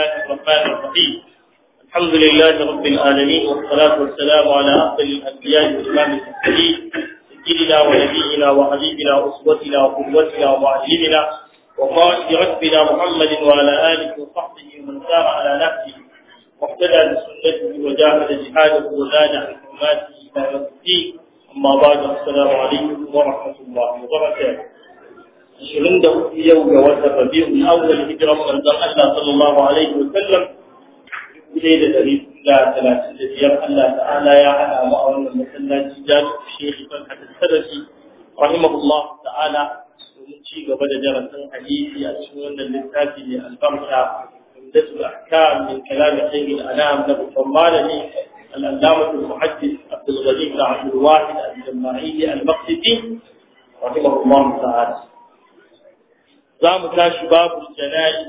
الله الرحمن الرحيم الحمد لله رب العالمين والصلاة والسلام على أفضل الأنبياء والإمام المرسلين سيدنا ونبينا وحبيبنا وأسوتنا وقدوتنا ومعلمنا وقائد ربنا محمد وعلى آله وصحبه ومن سار على نفسه واهتدى بسنته وجاهد جهاده وزاد عن حرماته إلى يوم الدين أما بعد السلام عليكم ورحمة الله وبركاته شرنده في يوم وثب من أول هجرة صلى الله عليه وسلم ليلة ريب الله ثلاثة فيه الله تعالى يا على مؤمن المسلح جزال الشيخ فرحة السرسي رحمه الله تعالى ومشيك قبل جرسا الحديث أشهرنا اللساتي للبرشة من دسم الأحكام من كلام خير الأنام نبو فرمالني الأندامة المحدث عبد الغريب عبد الواحد الجماعي المقصدي رحمه الله تعالى za mu tashi babu janayi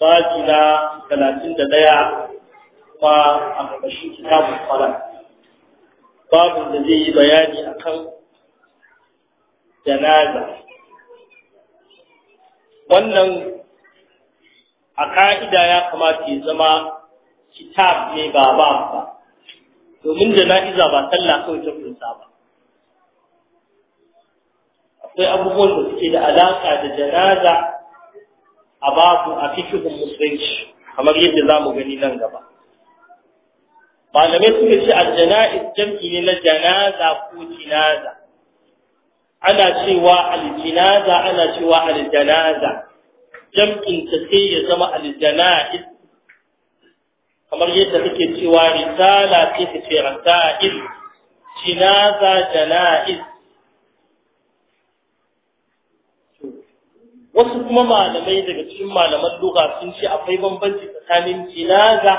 babi na talatin da ɗaya kuma a ƙarƙashin kitabun fara babu da zai yi bayani a kan janaza wannan a ka'ida ya kamata ya zama kitab ne ba ba ba domin jana'iza ba sallah kawai ta kunsa ba sai abubuwan da suke da alaƙa da janaza a babu a fikihun musulunci kamar yadda za mu gani nan gaba malamai suka ce aljana'iz jam'i ne na janaza ko jinaza ana cewa aljinaza ana cewa aljanaza jam'in ta sai ya zama aljana'iz kamar yadda suke cewa risala sai ka ce rasail jinaza jana'iz wasu kuma malamai daga cikin malaman lugha sun ce akwai bambanci tsakanin jinaza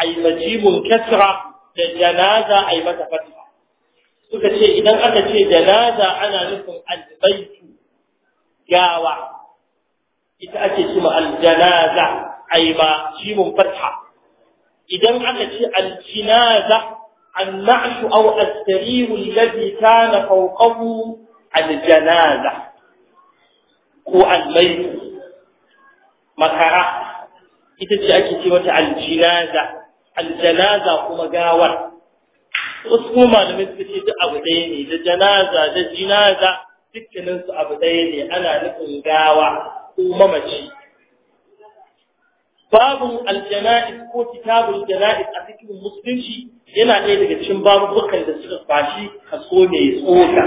ai majibun kasra da janaza ai mata fatha suka ce idan aka ce janaza ana nufin albaitu gawa ita ake cewa aljanaza ai ma shimun fatha idan aka ce aljinaza النعش أو السرير الذي كان فوقه janaza ko almai makara ita ce ake ce mata aljinaza aljanaza kuma gawar wasu kuma malamai suka ce duk abu ɗaya ne da janaza da jinaza dukkaninsu abu ɗaya ne ana nufin gawa ko mamaci babu aljana'is ko kitabul jana'iz a cikin musulunci yana ɗaya daga cikin babu da suka fashi kaso mai tsoka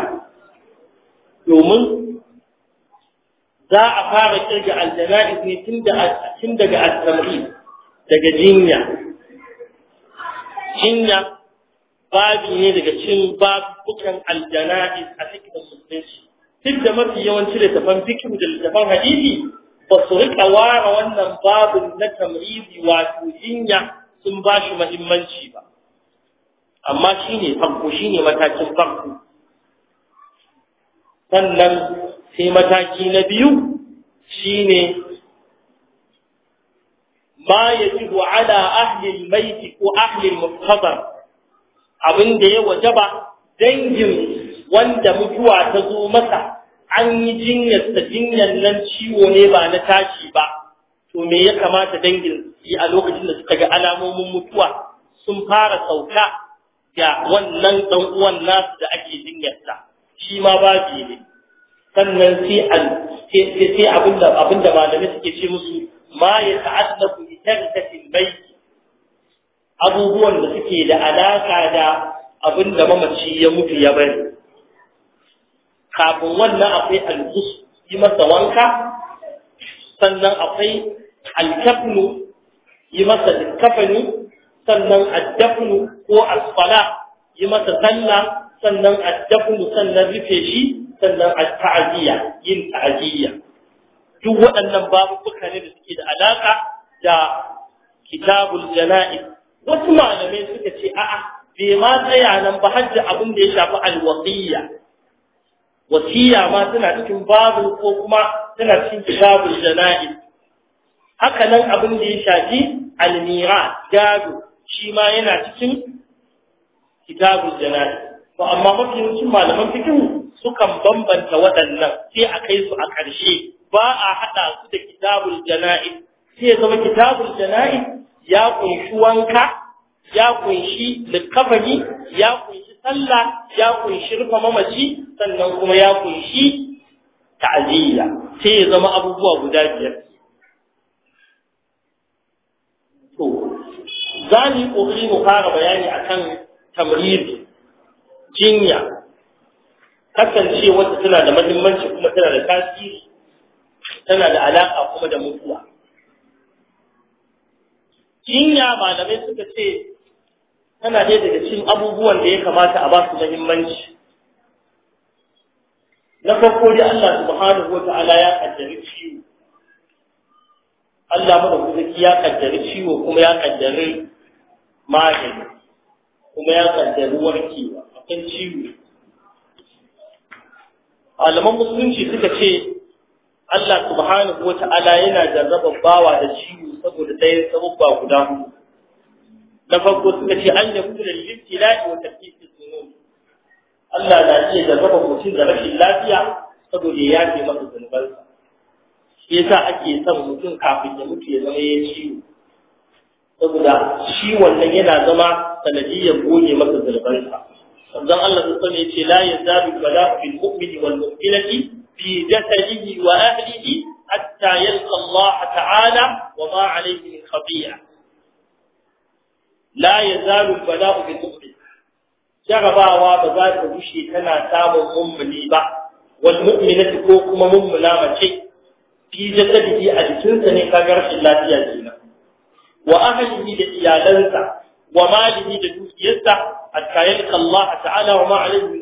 domin za a fara kirga aljana'iz ne tun daga al-tamri daga jinya jinya babi ne daga cin babukan aljana'iz a cikin sufinci duk da mafi yawanci tafan fikihu da littafan hadisi ba su riƙa ware wannan babin na tamrizi wato jinya sun ba shi muhimmanci ba amma shine farko ne matakin farko sannan sai mataki na biyu shine ma ji ala ahli al ko ahlin al abin da ya waje ba, dangin wanda mutuwa ta zo masa an yi jinyar ta jinyar nan ciwo ne ba na tashi ba to me ya kamata dangin yi a lokacin da suka ga alamomin mutuwa sun fara sauka ga wannan dan uwan nasu da ake jinyar ta shi ma babi ne sannan sai an sai abinda malamai suke ce musu ma ya ta'allaku bi tarkatil bayt abubuwan da suke da alaka da abinda mamaci ya mutu ya bari kafin wannan akwai alhus yi masa wanka sannan akwai alkafnu yi masa likkafani sannan addafnu ko asfala yi masa sallah sannan addafnu sannan rufe shi sannan ta'aziyya yin ta'aziyya duk waɗannan babubuka ne da suke da alaƙa da kitabul jana'iz wasu malamai suka ce a'a bai ma tsaya nan ba har da abin da ya shafi alwasiyya wasiyya ma tana cikin babu ko kuma tana cikin kitabul jana'iz haka nan abin da ya shafi almira gado shi ma yana cikin kitabul jana'i ba amma mafi yawancin malaman fikihu sukan bambanta waɗannan sai a kai su a ƙarshe ba a haɗa su da kitabul jana'i sai ya zama kitabul jana'iz ya ƙunshi wanka ya ƙunshi likafani ya kunshi sallah ya ƙunshi rufa mamaci sannan kuma ya ƙunshi ta'aziyya sai ya zama abubuwa guda biyar to za mu yi ƙoƙari mu fara bayani akan tamriri jinya kasancewarta tana da mahimmanci kuma tana da tasiri tana da alaƙa kuma da mutuwa jinya malamai suka ce tana ɗaya daga cikin abubuwan da ya kamata a ba su mahimmanci na farko dai Allah subhanahu ta'ala ya kaddari ciwo Allah madaukaki ya kaddari ciwo kuma ya kaddari magani kuma ya kaddari warkewa akan ciwo malaman musulunci suka ce Allah subhanahu wata'ala yana jarrabar bawa da ciwo saboda ɗayan sababba guda na farko suka ce an yabu da liltila'i wa tafsiri sunun Allah na iya jarrabar mutum da rashin lafiya saboda ya yafe masa zunubansa shi yasa ake son mutum kafin ya mutu ya zama ya ciwo saboda ciwon nan yana zama sanadiyyar goge masa zunubansa manzon Allah sun sani ce la yazalu bala'u bil mu'mini wal mu'minati fi jasadihi wa ahlihi hatta yalqa Allah ta'ala wa ma alayhi min khabi'a la yazalu bala'u bil mu'min jarabawa ba za ta gushe tana samun mummuni ba wal mu'minati ko kuma mummuna mace fi jasadihi a jikinsa ne kaga rashin lafiya kenan wa ahlihi da iyalansa wa malihi da dukiyarsa hatta Allah ta'ala wa ma alayhi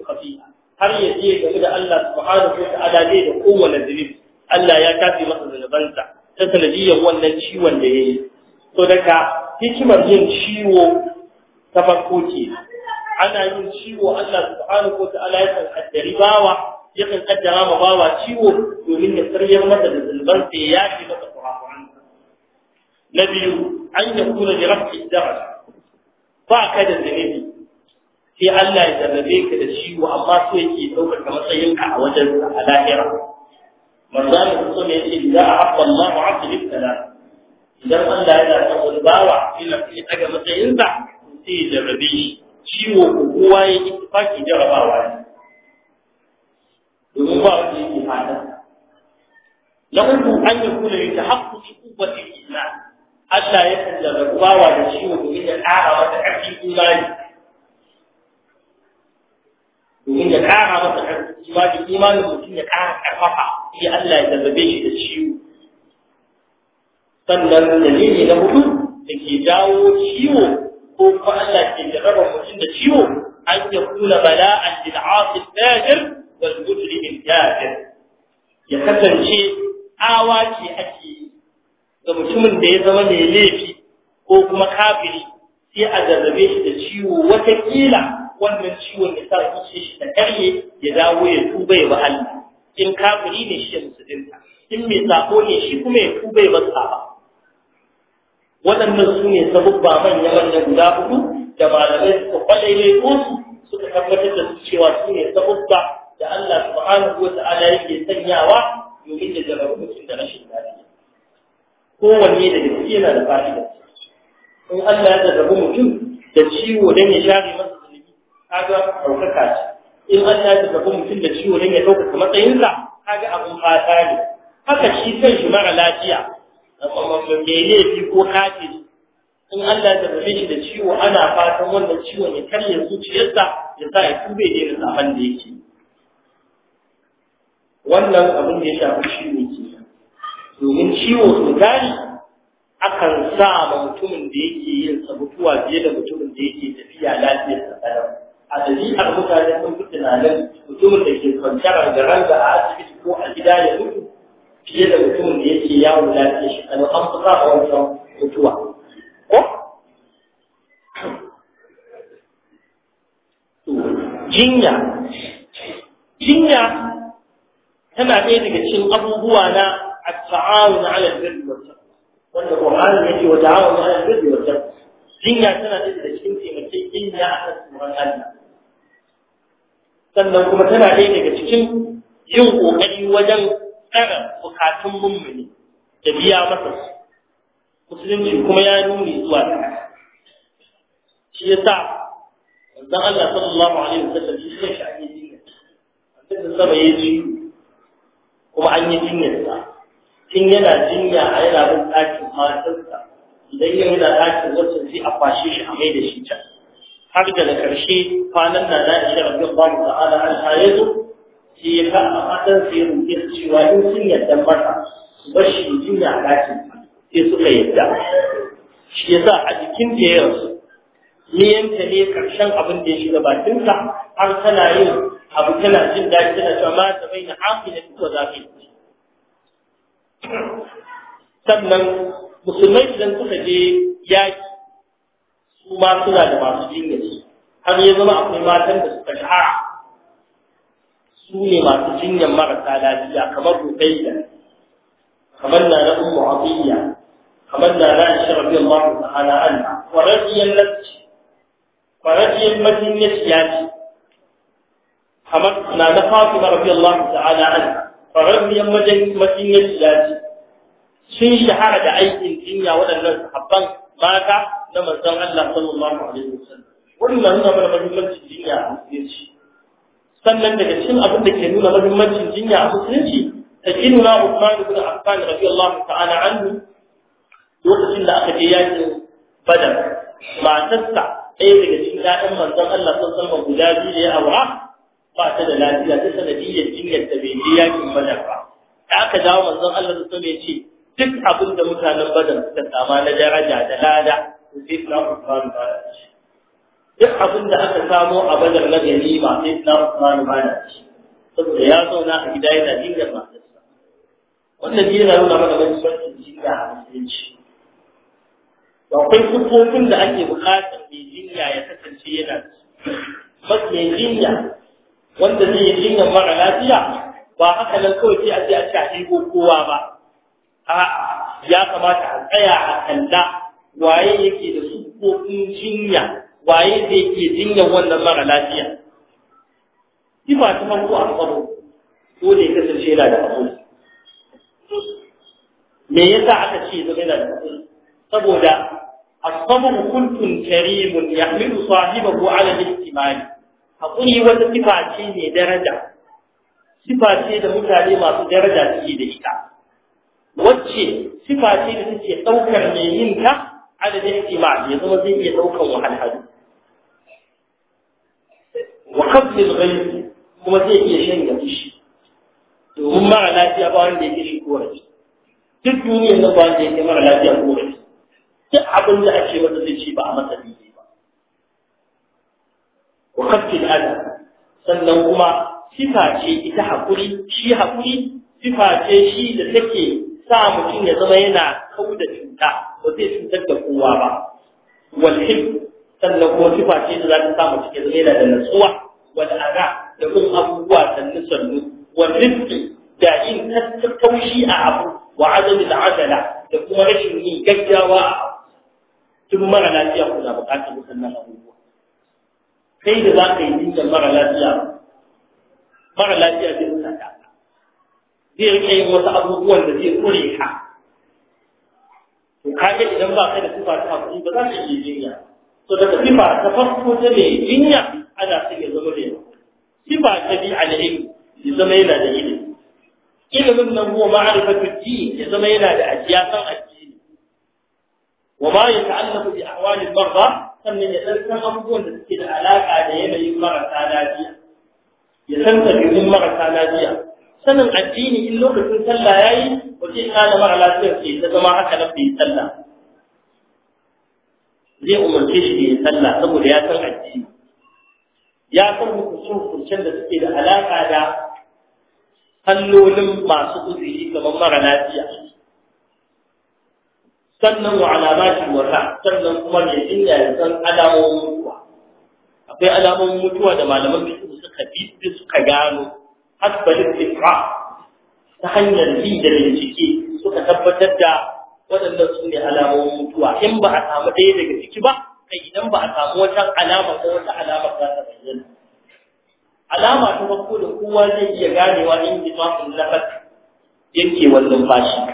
har ya je game da Allah subhanahu wa ta'ala ne da kowane zunubi Allah ya kafi masa zunubansa ta sanadiyyar wannan ciwon da yayi to daga hikimar yin ciwo ta farko ke ana yin ciwo Allah subhanahu wa ta'ala ya san bawa yakan kaddara ma bawa ciwo domin ya sarriyar masa da zulban ya ji masa kurakuran na biyu an yi kula da rafi darasa ba ka da zunubi sai Allah ya zarrabe ka da ciwo amma so yake ɗaukaka matsayinka a wajen a lahira manzali kusa mai ce za a haɓa Allah wa haɓa ibtala idan Allah ya son wani bawa yana sai daga matsayinsa sai ya zarrabe shi ciwo ko kowa ya yi tufaki jarabawa ne domin ba wanda yake fata na uku an yi kula da haƙƙo ƙuwar islam Allah ya kalla bawa da ciwo domin ya ƙara masa ƙarfin imani domin ya ƙara masa ƙarfin imani imanin mutum ya ƙara ƙarfafa sai Allah ya zazzabe shi da ciwo sannan dalili na hudu da ke jawo ciwo ko kuma Allah ke jarraba mutum da ciwo an ya kula bala'an lil'asi fajir wal mujrim al ya kasance awa ce ake ga mutumin da ya zama mai laifi ko kuma kafiri sai a jarrabe shi da ciwo wata watakila wannan ciwon ya sa kishi shi ta karye ya dawo ya tuba ya wahala in kafiri ne shi ya musulunta in mai sako ne shi kuma ya tuba ya basa ba waɗannan su ne sabubba manya manya guda hudu da malamai suka kwalaile ko su suka tabbatar da su cewa su ne sabubba da Allah subhanahu wa ta'ala yake sanyawa domin da jarabar mutum da rashin lafiya kowanne da gaske yana da fa'ida in Allah ya zazzabi mutum da ciwo don ya share masa zunubi kaga ɗaukaka ce in Allah ya zazzabi mutum da ciwo don ya ɗaukaka matsayinsa kaga abin fata ne haka shi kan shi mara lafiya mai fi ko kafiri in Allah ya zazzabe shi da ciwo ana fatan wannan ciwon ya karya zuciyarsa ya sa ya tube da irin zaman da yake wannan abin da ya shafi shi ne ke domin ciwo su gani akan sa ma mutumin da yake yin sa mutuwa fiye da mutumin da yake tafiya lafiyar sa kadan a dalilin mutane sun fi tunanin mutumin da ke kwanciyar da ranga a asibiti ko a gida ya mutu fiye da mutumin da yake yawon lafiyar shi kadan an fi sa wancan mutuwa ko jinya jinya tana ɗaya daga cikin abubuwa na التعاون على البر والتقوى wanda Qur'ani yake wa ta'awun ala al-birri wa taqwa jinya tana da cikin taimakekeniya a kan tsoron Allah sannan kuma tana ɗaya daga cikin yin ƙoƙari wajen tsara bukatun mummuni da biya masa su musulunci kuma ya nuni zuwa ta. shi ya sa wanzan Allah sallallahu alaihi wa sallam shi ne shi ake jinya wanda sama ya ji kuma an yi jinyarsa tun yana jinya a yana bin ɗakin matarsa idan yau yana ɗakin wasu sai a kwashe shi a mai da shi can har da da ƙarshe kwanan na da shi rabbi da ta'ala an haye su shi ya ka a matan sai ya rufe su cewa in sun yarda mata su bar shi jinya a ɗakin sai suka yarda shi sa a jikin da ya rasu niyanta ne ƙarshen abin da ya shiga bakinsa har tana yin abu tana jin daɗi tana cewa ma ta bai na haƙi na fito zafi sannan musulmai idan suka je yaki su ma suna da masu jinyar su har ya zama akwai matan da suka shahara su ne masu jinyar marasa lafiya kamar rukaiya kamar na na umu abiyya kamar na na ishe rabbi Allah ta'ala anha kwararriyar lafci kwararriyar majinyar yaki kamar na na fatima rabbi Allah ta'ala anha fararriyar majinyar ilaji sun shahara da aikin jinya waɗannan sahabban mata na manzon Allah sallallahu alaihi wasallam wannan na nuna mana muhimmancin jinya a musulunci sannan daga cikin abin da ke nuna muhimmancin jinya a musulunci sayyiduna Uthman ibn Affan radiyallahu ta'ala anhu lokacin da aka je yakin Badar matarsa ɗaya daga cikin ƴaƴan manzon Allah sallallahu alaihi wasallam guda biyu ne a ba ta da lafiya ta sanadiyyar jinyar da bai je yakin badar ba da aka dawo manzon Allah da ya ce duk abin da mutanen badar suka sama na daraja da lada to sai na Usman ba shi duk abin da aka samo a badar na ganima sai na Usman ba shi saboda ya zauna a gida yana jinyar matarsa wannan ne yana nuna mana mahimmancin jinya a musulunci akwai sufofin da ake bukatar mai jinya ya kasance yana mafi jinya wanda zai yi jinyar mara lafiya ba haka nan kawai sai a ce a shafi ko kowa ba a'a ya kamata a tsaya a kalla waye yake da sufofin jinya waye zai yake jinyar wannan mara lafiya kifa ta farko a tsaro ko da ya kasance yana da hakuri me yasa aka ce zama yana da hakuri saboda الصبر كنت كريم يحمل صاحبه على الاحتمال haƙuri wata sifa ce mai daraja sifa ce da mutane masu daraja suke da ita wacce sifa ce da take ɗaukar mai yin ta adadin ihtimal ya zama zai iya ɗaukar wahalhalu wa kafin ghayb kuma zai iya shan ga fushi domin mara lafiya ba wanda yake kowar korafi duk duniyar na ba wanda ya kai mara lafiya korafi duk abin da ake wata zai ce ba a masa wa khaffil sannan kuma sifa ce ita hakuri shi haƙuri sifa ce shi da take sa mutum ya zama yana kauda cuta ba zai cutar da kowa ba wal sannan kuma sifa ce da za ta sa mutum ya zama yana da natsuwa wal aga da kuma abubuwa sannu sannu wal rizqi da yin taushi a abu wa da adala da kuma rashin yi gaggawa a abu tun mara lafiya kuna bukatar musamman abu sai da za ka yi jinyar mara lafiya mara lafiya zai nuna ta zai rike yin wasu abubuwan da zai kure ka to ga idan ba kai da sifa ta hakuri ba za ka yi jinya to daga sifa ta farko ta ne jinya ana sai ya zama da yawa sifa ta bi al'ilmi ya zama yana da ilimi ilimin nan huwa ma'arifatu din ya zama yana da ajiya san addini wa ma yata'allaqu bi ahwali al-marda sannan ya san san abubuwan da suke da alaƙa da yanayin marasa lafiya ya san tabi'un marasa lafiya sanin addini in lokacin sallah yayi wace da mara lafiyar ke ta zama haka na fi sallah zai umarce shi ya sallah saboda ya san addini ya san hukuncin hukuncin da suke da alaƙa da kallolin masu uzuri kamar mara lafiya sannan wa alamatin wata sannan kuma ne inda ya san alamomin mutuwa akwai alamomin mutuwa da malaman fiye suka fi suka gano hasbalin fitra ta hanyar bi da bincike suka tabbatar da waɗannan su ne alamomin mutuwa in ba a samu ɗaya daga ciki ba kai idan ba a samu wata alama ko wata alama za ta bayyana alama ta farko da kowa zai iya ganewa in ji mafi lafat yake wannan fashi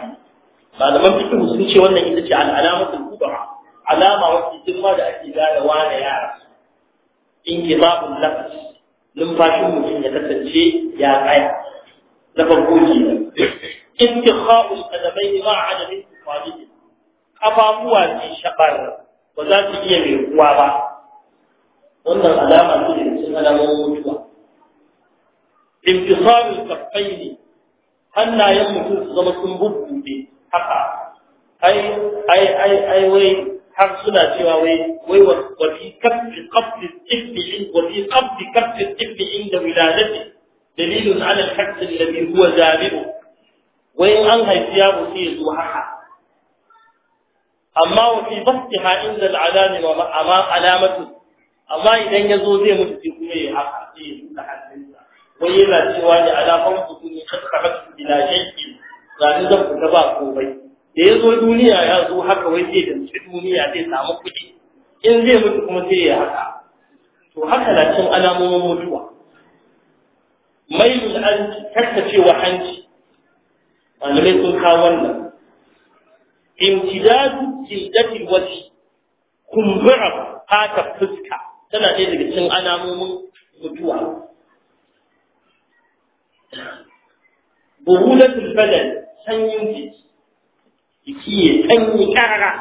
malaman fikihu sun ce wannan ita ce al'alamatul kubra alama wacce girma da ake gane da yara in kitabun nafs numfashin mutum ya kasance ya tsaya na farko ke intikha'ul qadamai ma adamin qadamai kafafuwa ce shabar ba za su iya mai kuwa ba wannan alama ce da cikin alamomin mutuwa intisalul ne. hannayen mutum su zama sun bubbuɗe haka ai ai ai ai wai har suna cewa wai wai wa fi kaffi kaffi tibbi wa fi kaffi kaffi tibbi inda wiladati dalilun ala al-haqq alladhi huwa zabiru wai an haifi yaro sai ya zo haka amma wa fi basqiha inda al-alami wa ama alamatu amma idan ya zo zai mutu sai kuma ya haka sai ya hannunsa wai yana cewa ne ala fawtu kun qad khabat bila shay'in zane zan fita ba komai da ya zo duniya ya zo haka wai zai danci duniya zai samu kuɗi in zai mutu kuma sai ya haka to haka na cin alamomin mutuwa mailun an tattacewa hanci malamai sun kawo wannan imtidadu jildatil wajhi kumbura fatar fuska tana ɗaya daga cikin alamomin mutuwa buhulatul badal sanyin fiti ki ya sanyi karara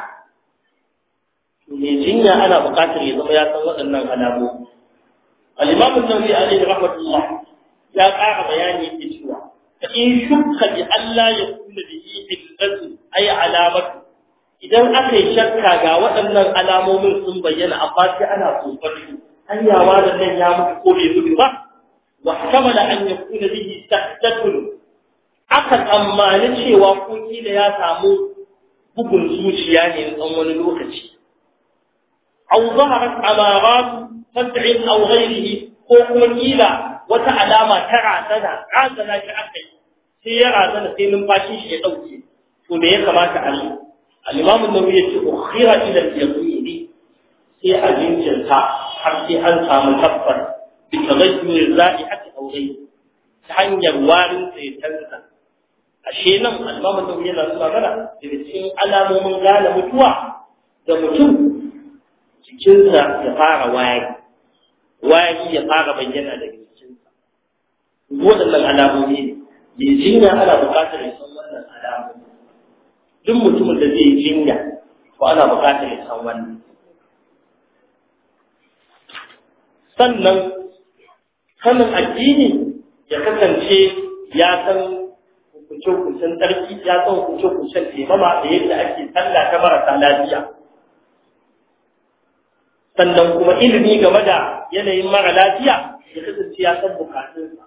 mai jinya ana bukatar ya zama ya san waɗannan alamomi al Limamin an alayhi rahmatullah ya ƙara bayani yake cewa in shukka bi Allah ya kula da yi illatu ay alamatu idan aka yi shakka ga waɗannan alamomin sun bayyana amma sai ana tsofar su Hanyawa da nan ya mutu ko bai mutu ba wa kamala an yakuna bihi tahtatun aka tsammani cewa ko kila ya samu bugun zuciya ne na wani lokaci aw zaharat amarat fad'in aw ko kuma kila wata alama ta razana razana shi aka yi sai ya razana sai numfashi shi ya ɗauke. to me ya kamata a yi al-imam an ya ce ukhira ila al-yaqini sai a jinkirta har sai an samu tabbar bi tagayyur za'ihat aw ghayrihi ta hanyar warin tsaitansa ashe nan albaman da yana nasu magana daga cikin alamomin gane mutuwa da mutum jikinsa ya fara wari wari ya fara bayyana da jikinsa waɗannan alamomi ne mai jinya ana buƙatar ya san wannan alamomi duk mutumin da zai jinya to ana buƙatar ya san wannan sannan sanin addini ya kasance ya san kuce-kucen tsarki ya san hukunce-hukuncen taimama da yadda ake tsalla ta marasa lafiya sannan kuma ilimi game da yanayin mara lafiya ya kasance ya san bukatunsa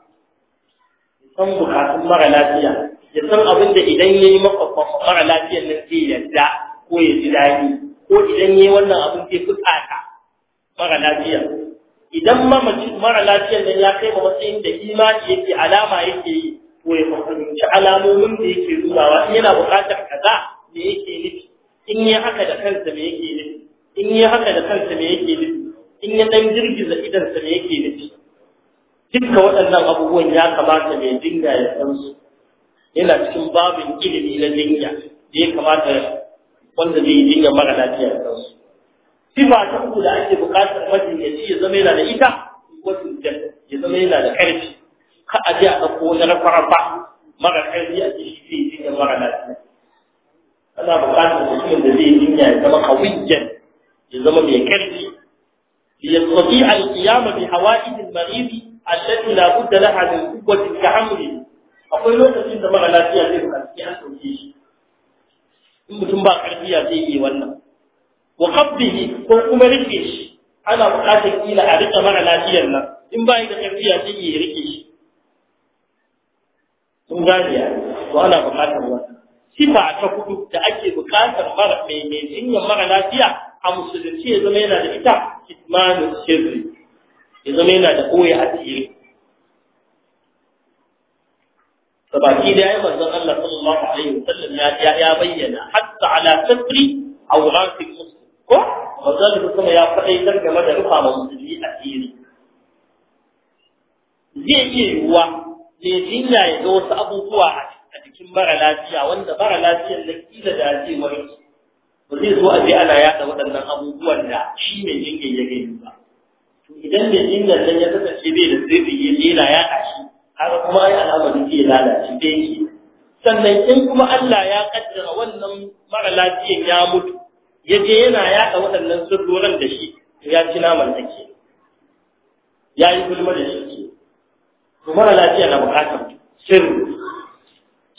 ya san bukatun mara lafiya ya san abin da idan ya yi makwakwa mara lafiyan nan zai yarda ko ya ji daɗi ko idan ya yi wannan abin zai fuskata mara lafiya idan mara lafiyan nan ya kai ma matsayin da imani yake alama yake yi ko ya fahimci alamomin da yake nunawa in yana buƙatar kaza me yake nufi in yi haka da kansa me yake nufi in yi haka da kansa me yake nufi in ya dan girgiza idansa me yake nufi dukkan waɗannan abubuwan ya kamata mai dinga ya san su yana cikin babin ilimi na dinga da ya kamata wanda zai yi mara lafiya ya san su sifa ta uku da ake buƙatar majinyaci ya zama yana da ita ko wasu ya zama yana da ƙarfi ka a ji a ɗauko wani rafa-rafa mara ƙarfi a ji shi fi da mara lafiya ana buƙatar mutumin da zai jinya ya zama kawiyyan ya zama mai ƙarfi ليستطيع القيام بحوائج المريض التي لا بد لها من قوة تحمله akwai lokacin da mara lafiya zai buƙaci an ɗauke shi in mutum ba ƙarfiya zai yi wannan wa qabdihi ko kuma rike shi ana buƙatar kila a rika mara lafiyar nan in ba da ƙarfiya zai yi rike shi sun gane ya to ana buƙatar wannan sifa ta hudu da ake buƙatar mara mai mai jinyar mara lafiya a musulunci ya zama yana da ita kitmanul sirri ya zama yana da koya asiri sabaki da ya yi manzon Allah sallallahu alaihi wasallam ya ya bayyana hatta ala satri awratil muslim ko manzon kuma ya faɗaitar game da rufa musulmi a asiri zai iya yiwuwa mai jinya ya ga wasu abubuwa a jikin mara lafiya wanda mara lafiyar da kila da zai warke ba zai zo a je ana yaɗa waɗannan abubuwan da shi mai jinya ya gani ba to idan mai jinya nan ya kasance bai da sirri ya yana yaɗa shi har kuma ai al'amarin zai lalace bai yake sannan in kuma Allah ya kaddara wannan mara lafiyan ya mutu ya je yana yaɗa waɗannan sirroran da shi ya ci naman take ya yi gulma da shi to mara lafiya na bukatar sir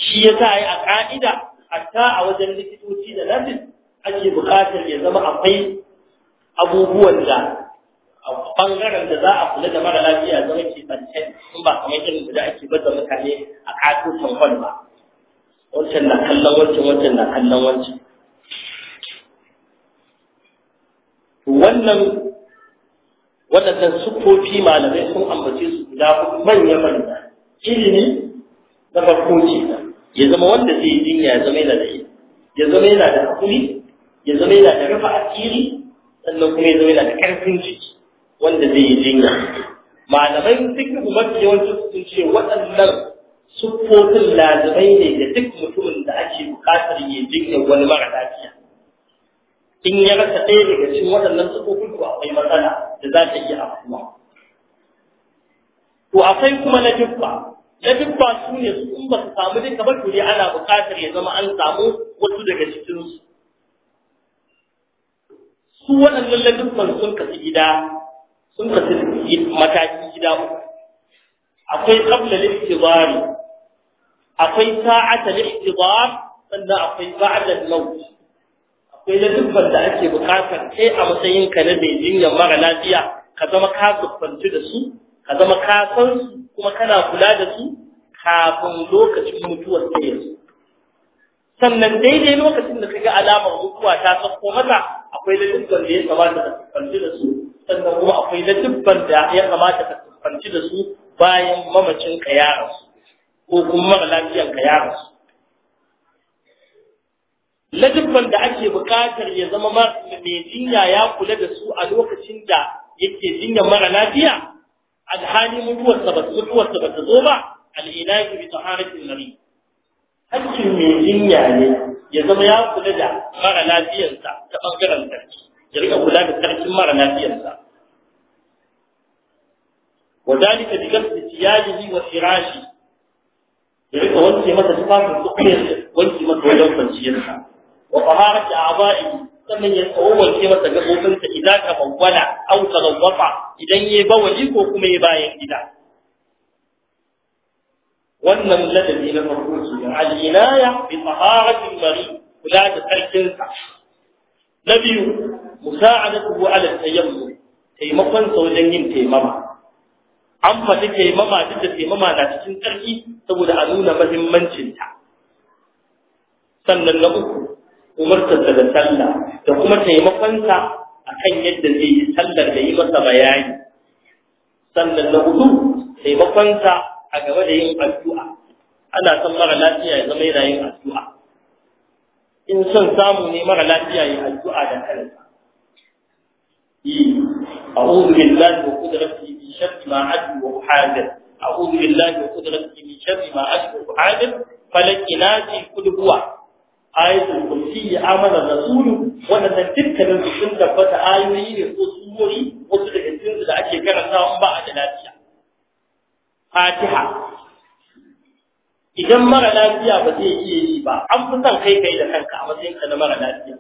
shi ya sa a ka'ida hatta a wajen likitoci da nafis ake bukatar ya zama akwai abubuwan da a bangaren da za a kula da mara lafiya zama ke tsancan in ba kamar irin da ake bada mutane a katotan hol ba wancan na kallon wancan wancan na kallon wancan wannan waɗannan sukofi malamai sun ambace su guda manya manya ilimi na farko ce ya zama wanda zai yi jinya ya zama yana da ilimi ya zama yana da hakuri ya zama yana da rufa asiri sannan kuma ya zama yana da ƙarfin jiki wanda zai yi jinya malamai duk mafi yawanci sun ce waɗannan sukofin lazimai ne ga duk mutumin da ake buƙatar ya jinya wani mara lafiya in ya rasa ɗaya daga cikin waɗannan siffofin ko akwai matsala da za ta iya afuwa to akwai kuma na dubba na dubba su ne su in ba su samu duka ba to dai ana buƙatar ya zama an samu wasu daga cikinsu su waɗannan ladubban sun kasu gida sun kasu mataki gida uku akwai qabla al akwai sa'ata al-ihtibar sannan akwai ba'adar al sai da dubban da ake bukatar sai a matsayin ka na mai jinyar mara lafiya ka zama ka siffanci da su ka zama ka san su kuma kana kula da su kafin lokacin mutuwar ta yanzu sannan daidai lokacin da kaga alamar mutuwa ta sauko mata akwai ladubban da ya kamata ka siffanci da su sannan kuma akwai ladubban da ya kamata ka siffanci da su bayan mamacin ka ya rasu ko kuma mara lafiyan ka ya rasu ladibban da ake buƙatar ya zama mai jinya ya kula da su a lokacin da yake jinya mara lafiya alhali mutuwarsa ba mutuwarsa ba ta zo ba al'ilahi bi taharatin nabi hakkin mai jinya ne ya zama ya kula da mara lafiyarsa ta bangaren sarki ya rika kula da sarkin mara lafiyarsa وذلك tiyajihi wa firashi ya rika wanke masa tufafin kuɗin wanke masa wajen kwanciyarsa wa a a'dha'ihi sannan ya tsawwalce masa gabobinsa idan ka bawwala aw ka zawwafa idan yayi bawali ko kuma yayi bayan gida wannan ladabi na farko ce al-inaya bi taharati kula da tsarkin na biyu musa'adatuhu ala tayammum taimakon sa wajen yin taimama an faɗi taimama duk da taimama na cikin ƙarfi saboda a nuna mahimmancinta sannan na uku umartarsa da sallah da kuma taimakonsa a kan yadda zai yi sallar da yi masa bayani sannan na hudu taimakonsa a gaba da yin addu'a ana son mara lafiya ya zama yana yin addu'a in son samu ne mara lafiya ya addu'a da kansa أعوذ بالله وقدرته من شر ما عدو وأحاذر أعوذ بالله وقدرته من شر ما عدو وأحاذر فلك ناجي كل هو ayatul kursi ya amana rasulu wannan dukkanin su sun tabbata ayoyi ne ko surori wasu daga cikin da ake karantawa ba a da lafiya fatiha idan mara lafiya ba zai iya yi ba an fi son kai kai da kanka a matsayin ka na mara lafiya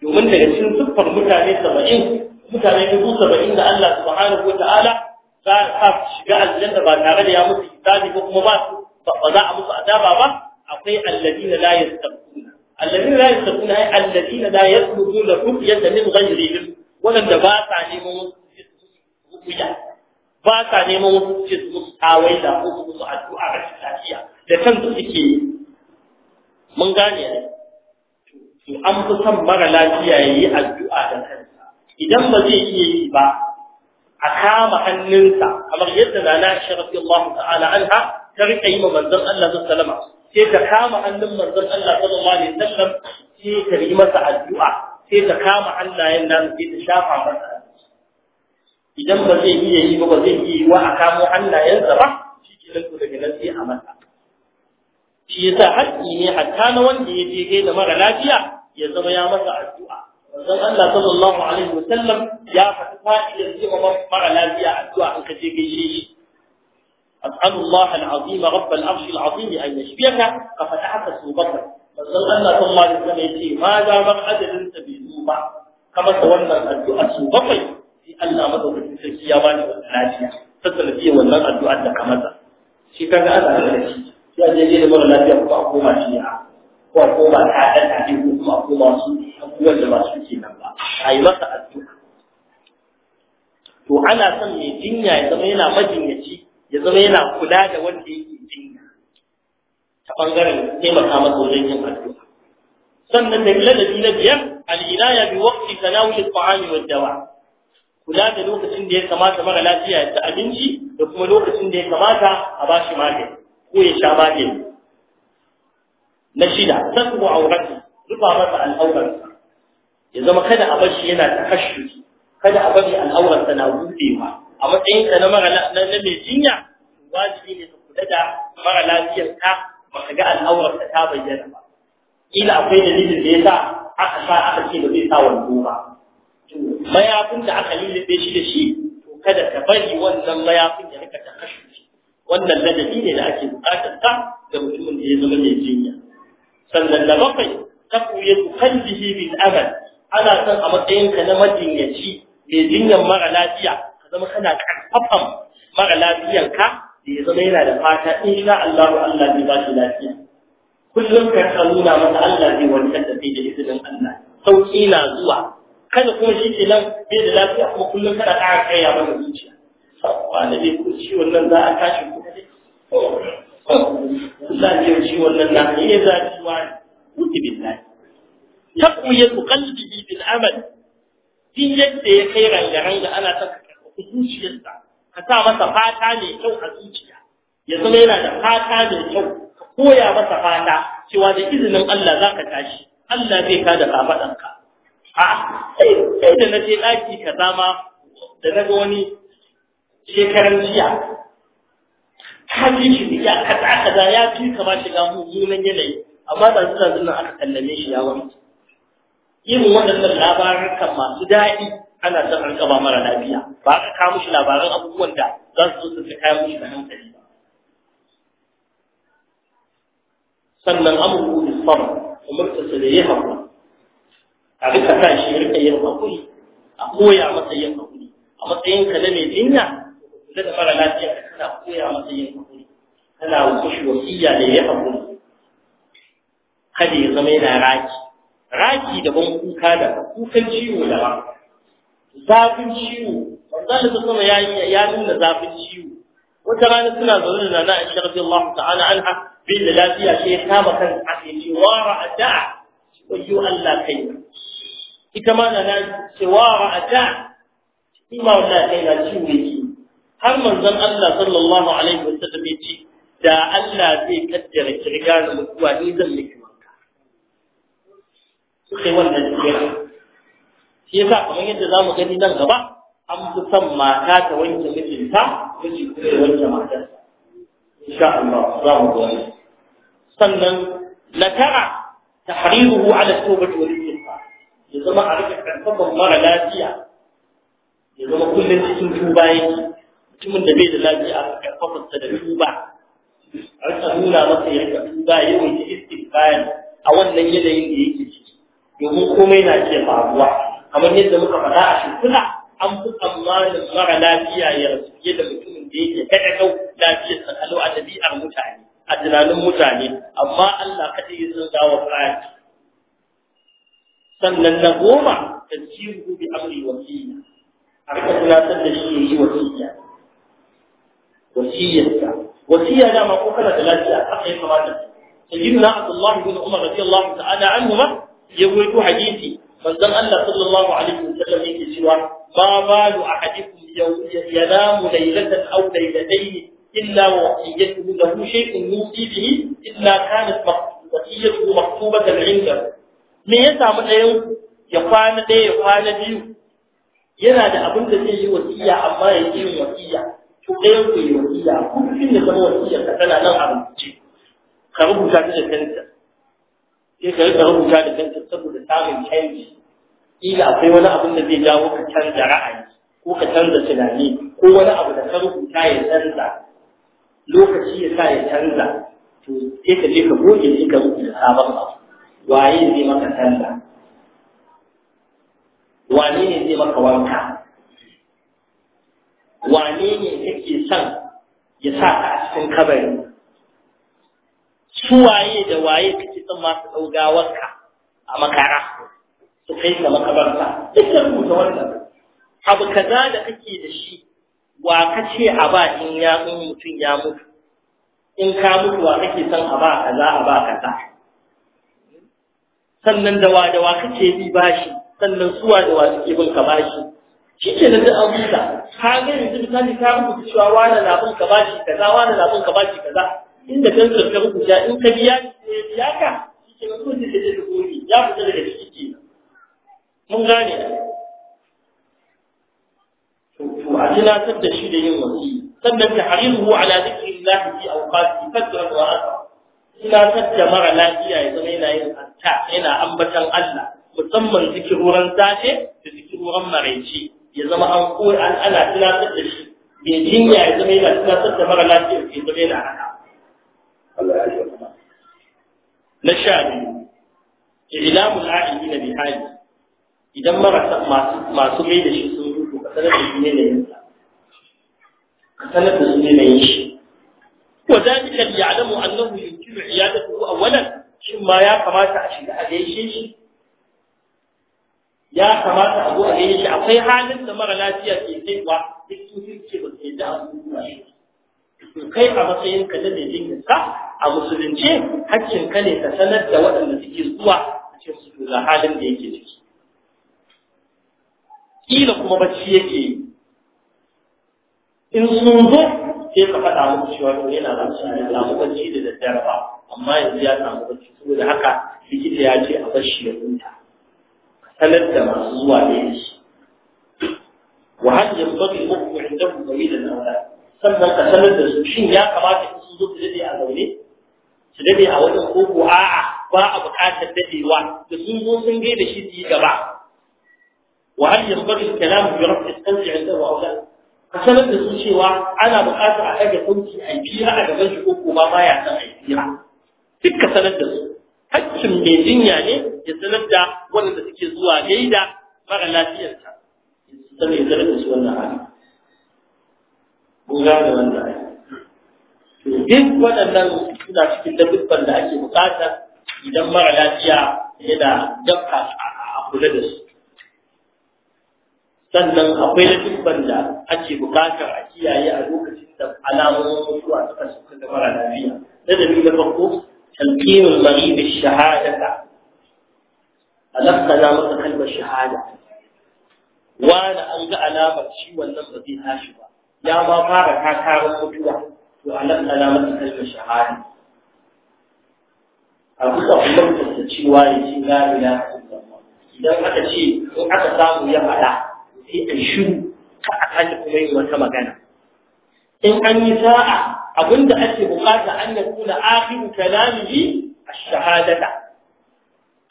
domin daga cikin siffar mutane saba'in mutane dubu saba'in da Allah subhanahu wa ta'ala za a shiga aljanna ba tare da ya musu hisabi ko kuma ba ba za a musu azaba ba akwai alladina la yastaquna alladina la yastaquna ay alladina la yatlubuna ru'yata min ghayrihim wanda ba sa neman wasu ru'ya ba sa neman wasu su musu tawaila ko su musu addu'a ga lafiya da kansu suke mun gane ne to an fi son mara lafiya yayi addu'a da kansa idan ba zai iya yi ba a kama hannunsa kamar yadda na na shi rafi Allah ta'ala anha ta riƙa yi ma manzon Allah sallallahu alaihi wasallam sai ta kama hannun manzon Allah sallallahu alaihi wasallam sai ta yi masa addu'a sai ta kama hannayen nan sai ta shafa masa idan ba zai iya yi ba ba zai iya yi wa a kamo hannayensa ba shi ke lantu daga nan sai a masa shi yasa haƙƙi ne hatta na wanda ya je da mara lafiya ya zama ya masa addu'a manzon Allah sallallahu alaihi wasallam ya faɗi fa'idar yi wa mara lafiya addu'a in ka je gaishe shi أسأل الله العظيم رب العرش العظيم أن يشفيك ففتحك سوبك فسأل الله ثم يسميتي ماذا مقعد أنت بذوبة كما تولى الدعاء سوبك في ألا مدر السكيابان والناجية فسألتي والنار الدعاء لك ماذا شكاك أنا أدري يا جليل مرة لا تبقى أقوم شيعا وأقوم أعدل عليكم أقوم أصول أقوم لما سكينا أي مسأل الدعاء to ana son mai jinya ya zama yana majinyaci ya zama yana kula da wanda yake jinya ta bangaren taimaka masa wajen yin addu'a sannan da da na biyar al'inaya bi waqti tanawul al taami wa dawa kula da lokacin da ya kamata mara lafiya ya ci abinci da kuma lokacin da ya kamata a bashi magani ko ya sha magani na shida tasbu awrati rufa masa al'auransa ya zama kada a bar shi yana takashshuki kada a bari al'aurarsa, na budewa a matsayinka na mara na mai jinya wajibi ne ka kula da mara lafiyar ka baka ga al'aurar ka ta bayyana ba kila akwai dalilin da yasa aka sa aka ce ba zai sa wando ba mayafin da aka lullube shi da shi to kada ka bari wannan mayafin ya rika ta kashe wannan ladabi ne da ake bukatar ka ga mutumin da ya zama mai jinya sannan da bakwai taqwiyatu qalbihi bil amal ana son a matsayinka na majinyaci mai jinyar mara lafiya zama kana karfafan mara lafiyanka da ya zama yana da fata in sha Allah Allah zai ba shi lafiya kullum ka nuna masa Allah zai wancan da kai da izinin Allah sauki na zuwa kada kuma shi ke nan bai da lafiya kuma kullum kana ƙara kaiya mana zuciya da bai ko ciwon nan za a tashi kuma dai Allah ne ciwon nan na ne za a ciwa wuce billahi taqwiyatu qalbihi bil amal din yadda ya kai rangaranga da ana ta zuciyarsa ka sa masa fata mai kyau a zuciya ya zama yana da fata mai kyau ka koya masa fata cewa da izinin Allah za ka tashi Allah zai ka da kafaɗanka a sai da na je ɗaki ka zama da na ga wani shekaran jiya ka ji shi ya kaza kaza ya fi kama shiga mummunan yanayi amma da suna aka kallame shi ya wani irin waɗannan labarukan masu daɗi ana son an kaba mara lafiya ba ka kawo shi labaran abubuwan da za su su kawo shi da hankali ba sannan amuru da sabr umarta su da yi haƙuri a duka kan shi rika yin haƙuri a koya masa yin haƙuri a matsayin ka na mai jinya kula da mara lafiya ka kana koya masa yin haƙuri kana mishi wasiya da yi haƙuri kada ya zama yana raki raki daban kuka da kukan ciwo da ba zafin ciwo manzo da kuma ya ya nuna zafin ciwo wata rana suna zaune da nana a Aisha radiyallahu ta'ala anha bin da lafiya sai ya kama kan ake ce wa ra'ada wayyo Allah kai ita ma nana ce wa ra'ada ima wallahi kai na ciwo yake har manzon Allah sallallahu alaihi wasallam ya ce da Allah zai kaddara kirga da mutuwa ni zan miki wanka sai wannan kira shi yasa kamar yadda za mu gani nan gaba an fi son mata ta wanke mijinta miji kuma ya wanke matarsa insha Allah za mu gani sannan na tara tahriruhu ala tawbati wa istighfar ya zama a rika karfafan mara lafiya ya zama kullum cikin tuba yake mutumin da bai da lafiya a karfafan sa da tuba a rika nuna masa ya rika tuba yawan istighfar a wannan yanayin da yake ciki domin komai na iya faruwa kamar yadda muka faɗa a shimfiɗa an fi tsammanin mara lafiya ya rasu fiye da mutumin da yake kada kau lafiya sa a ɗabi'ar mutane a tunanin mutane amma Allah kaɗai ya san dawo fa'adi sannan na goma tafsiru bi amri wasiya a rika tunatar da shi yayi wasiya wasiyarsa wasiya da lafiya sayyidina Abdullah ibn Umar radiyallahu ta'ala anhu ma ya goyi hadisi manzon Allah sallallahu alaihi wasallam yake cewa ba balu ahadikum yanamu laylatan aw laylatayn illa wasiyatuhu lahu shay'un yusi bihi illa kanat wasiyatuhu maktubatan 'indahu me ya samu da dayan ya kwana daya ya kwana biyu yana da abin da zai yi wasiya amma ya yi wasiya to dayan ku yi wasiya kun da zama wasiyar ka tana nan a rubuce ka rubuta ta da kanta sai ka rika rubuta da kanka saboda samun canji kila akwai wani abin da zai jawo ka canza ra'ayi ko ka canza tunani ko wani abu da ka rubuta ya canza lokaci ya sa ya canza to sai ka je ka goge sai ka rubuta sabon abu waye zai maka canza wane ne zai maka wanka wane ne yake son ya sa ka a cikin kabari su waye da waye din masu ɗaugawarka a makara su kai ka makabarta duk da rubuta wannan abu kaza da kake da shi wa kace a ba in ya in mutum ya mutu in ka mutu wa kake son a ba kaza a ba kaza sannan da wa da wa kace bi bashi sannan suwa da wa suke bin ka bashi shi ke nan da abuta ka ga yanzu misali ka rubuta cewa wani labin ka bashi kaza wani labin ka bashi kaza inda kan ka rubuta in ka biya ya ka shi ke so ne da da gobe ya fita daga ciki ke mun gane to a tunatar da shi da yin wasi sannan ta harimu ala lLahi fi awqati fadra wa asr tunatar da mara lafiya ya zama yana yin hatta yana ambatan Allah musamman zikiroran safe da zikiroran maraice ya zama an koyi an ana da shi bai jinya ya zama yana tunatar da mara lafiya ya zama yana haka Allah ya shi wannan na sha biyu ilamul a'ilina bi hali idan marasa masu masu mai da shi sun rubu ka sanar da ne ne ka sanar da ne ne shi wa Ya ya'lamu annahu yumkinu iyadatuhu awwalan shin ma ya kamata a shiga a gaishe shi ya kamata a zo a gani shi akwai halin da mara lafiya ke kai wa duk sun ke ba su ke da abubuwa kai a matsayin ka da mai jinka a musulunci hakkin ka ne ka sanar da waɗanda suke zuwa a cikin su da halin da yake ciki kila kuma bacci yake in sun zo sai ka faɗa muku cewa to yana bacci ne samu bacci da daddare ba amma yanzu ya samu bacci saboda haka likita ya ce a bashi ya huta sanar da masu zuwa da yake وهل ينبغي da عندهم طويل الاولاد sannan ka sanar da su shin ya kamata in sun zo su dade a zaune dade a wajen koko a'a ba a buƙatar dadewa da sun zo sun gaida shi su yi gaba wa hal yanbaghi kalam bi rafi al-qalbi 'inda wa'ula ka sanar da su cewa ana buƙatar a kage kunci a bira a gaban shi koko ba baya san a bira duk ka da su haƙƙin mai jinya ne ya sanar da wanda suke zuwa gaida mara lafiyarta sai ya sanar da su wannan hali mun gane wannan ai duk waɗannan suna cikin dabban da ake bukata idan mara lafiya yana dabba a kula da su sannan akwai ladubban da ake bukata a kiyaye a lokacin da alamomin mutuwa suka suka da mara lafiya biyu na farko talqinul marid ash-shahadata alaqana maka kalmar shahada wani an ga alamar ciwon nan ba zai tashi ba ya ma fara kakarin mutuwa to alaqana maka kalmar shahada a buɗe kullum da cewa ya ce la ilaha illallah idan aka ce in aka samu ya faɗa sai a shiru ka a kan kuma yi wata magana in an yi sa'a abinda ake bukata an ya kula akhiru kalamihi a shahadata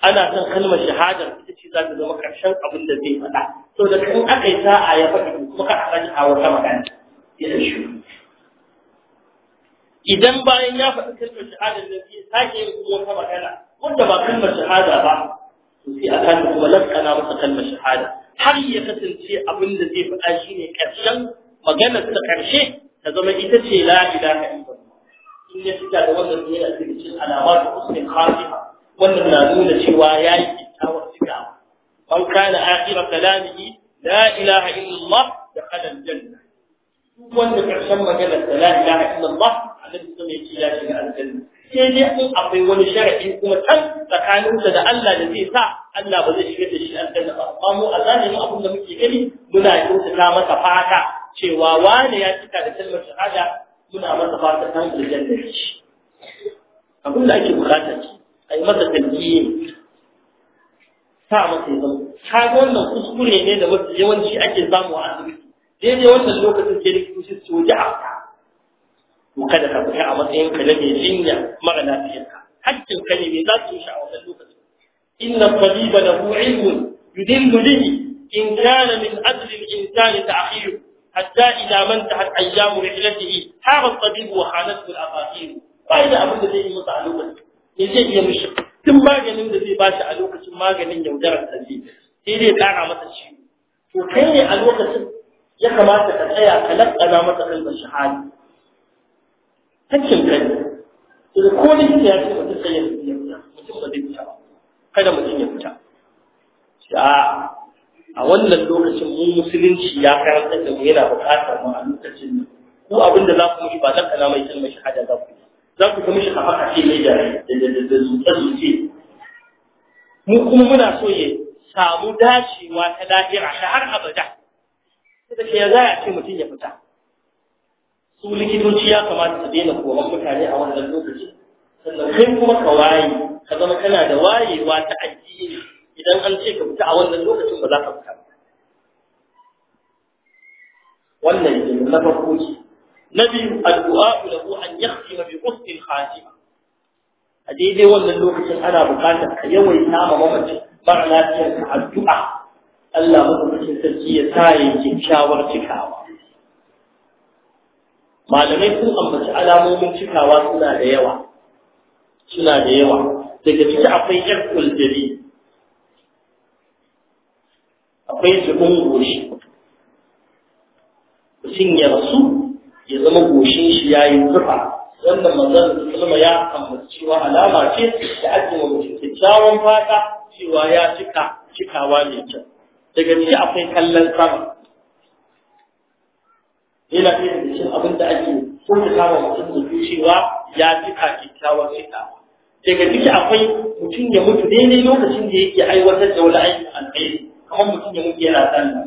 ana son kalmar shahadar ita ce za ta zama karshen abin da zai faɗa saboda in aka yi sa'a ya faɗi kuma ka a kan a wata magana ya shiru idan bayan ya faɗi kalmar shahada da sai sake yin wata magana wanda ba kalmar shahada ba to sai aka kuma lakana masa kalmar shahada har ya kasance abin da zai faɗa shine ƙarshen maganar ta ƙarshe ta zama ita ce la ilaha illallah in ya fita da wannan yana daga cikin alamatu husnul khatima wannan na nuna cewa yayi kyakkyawar cikawa man kana akhira kalamihi la ilaha illallah dakhala aljanna duk wanda karshen maganar da la ilaha illallah annabi kuma yake ya shiga aljanna sai dai in akwai wani sharadi kuma can tsakaninsa da Allah da zai sa Allah ba zai shiga da shi aljanna ba amma mu a zahiri abin da muke gani muna ta masa fata cewa wane ya cika da kalmar shahada muna masa fata kan aljanna shi abin da ake bukata ce a yi masa tankiyi sa masa ya zama kaga wannan kuskure ne da wasu yawanci ake samu a asibiti daidai wannan lokacin sai likitoci su wuce afka to kada ka fita a matsayin ka na mai jinya mara lafiyarka hakkin ka ne mai za su yi a wannan lokacin inna tabiba lahu ilmun yudillu bihi in kana min ajli al-insan ta'khir hatta idza man tahat ayyam rihlatihi hara at-tabib wa khanatu al-afaqir bai da abin da zai yi masa a lokacin ne zai iya mishi tun maganin da zai bashi a lokacin maganin yaudarar sa sai dai kara masa ciwo to kai ne a lokacin ya kamata ka tsaya ka lakana masa kalmar shahada hakkin kai to da ko likita ya ce mutum sai ya fita mutum ba zai fita ba kada mutum ya fita a a wannan lokacin mun musulunci ya karanta da mu yana buƙatar mu a lokacin nan ko abin da za ku yi ba lakana mai kalmar shahada za ku yi za ku ga mishi kafa kace mai da da zuƙe zuƙe mu kuma muna so ya samu dacewa ta da'ira ta har abada da ke za a ce mutum ya fita su likitoci ya kamata su daina koran mutane a wannan lokaci sannan kai kuma ka waye ka zama kana da wayewa ta addini idan an ce ka fita a wannan lokacin ba za ka fita wannan ne na farko ce na biyu addu'a lahu an yakhtima bi husnil khatima a daidai wannan lokacin ana buƙatar ka yawaita ma mamaci mara lafiyar addu'a Allah mutum cikin sarki ya sa yin kyakkyawar cikawa malamai sun ambaci alamomin cikawa suna da yawa suna da yawa daga ciki akwai yar kuljiri akwai zubin goshi mutum ya rasu ya zama goshin shi ya yi zufa wannan mazan zama ya ambaci cewa alama ce da ake wa mutum kyakkyawan fata cewa ya cika cikawa mai kyau daga ciki akwai kallon sama ila ɗaya da shi abin da ake da kawo mutum da cewa ya fi kyakkyawar fita daga ciki akwai mutum ya mutu daidai lokacin da yake aiwatar da wani aikin alkhairi kamar mutum ya mutu yana sallah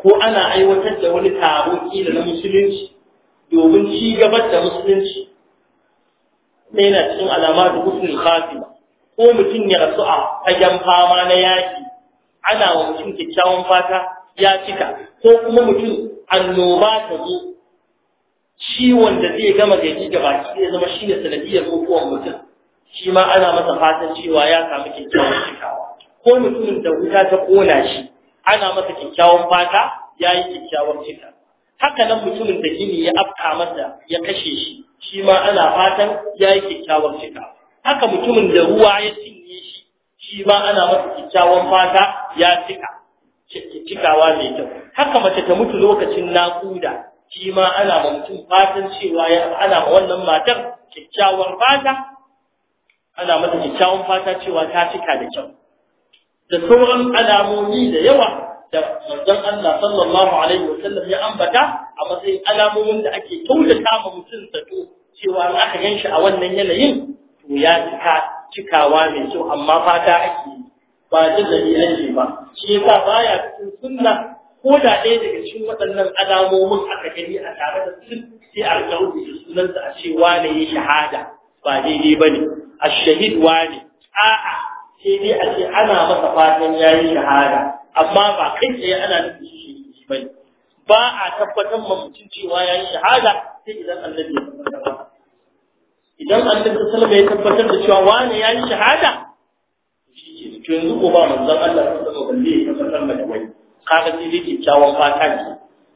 ko ana aiwatar da wani taro kila na musulunci domin ci gabar da musulunci ne yana cikin alama da husnul khatima ko mutum ya rasu a fagen fama na yaki ana wa mutum kyakkyawan fata ya cika ko kuma mutum annoba ta zo ciwon da zai gama gari da baki zai zama shi ne sanadiyar mutuwar mutum shi ma ana masa fatan cewa ya samu kyakkyawan cikawa ko mutumin da wuta ta kona shi ana masa kyakkyawan fata ya yi kyakkyawan cika haka nan mutumin da gini ya afka masa ya kashe shi shi ma ana fatan ya yi kyakkyawan cikawa haka mutumin da ruwa ya cinye shi shi ma ana masa kyakkyawan fata ya cika cikawa mai kyau haka mace ta mutu lokacin naƙuda shi ma ana ma mutum fatan cewa ana ma wannan matar kyakkyawan fata ana masa kyakkyawan fata cewa ta cika da kyau da sauran alamomi da yawa da manzon Allah sallallahu alaihi wa sallam ya ambata a matsayin alamomin da ake kyautata ma mutum zato cewa in aka ganshi a wannan yanayin to ya cika cikawa mai kyau amma fata ake ba jin da ni ake ba shi yasa baya cikin sunna ko da ɗaya daga cikin waɗannan alamomin aka gani a tare da sun sai a sunansa a ce wane ya shahada ba daidai ba ne a shahid wane a'a sai dai a ce ana masa fatan ya yi shahada amma ba kai tsaye ana nufin shi ba ne ba a tabbatar ma mutum cewa ya yi shahada sai idan annabi ya tabbatar idan annabi sallallahu ya tabbatar da cewa wani ya yi shahada shi to yanzu ko ba manzon Allah sallallahu alaihi wasallam ya tabbatar da wani kaga sai dai kyakkyawan fata ce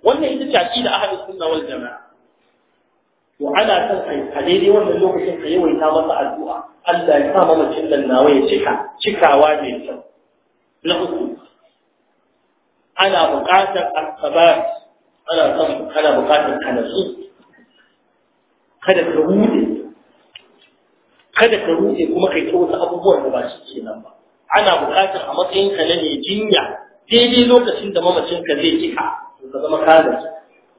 wannan ita ce aqida ahlus sunna wal jamaa to ana san kai a daidai wannan lokacin ka yawaita masa addu'a Allah ya sa mamacin nan nawa ya cika cikawa ne kyau na uku ana buƙatar asabar ana son ana buƙatar kanasu kada ka hude kada ka ruɗe kuma kai ta wasu abubuwan da ba shi kenan ba ana buƙatar a matsayin ka na ne jinya daidai lokacin da mamacin ka zai kika to ka zama ka gaji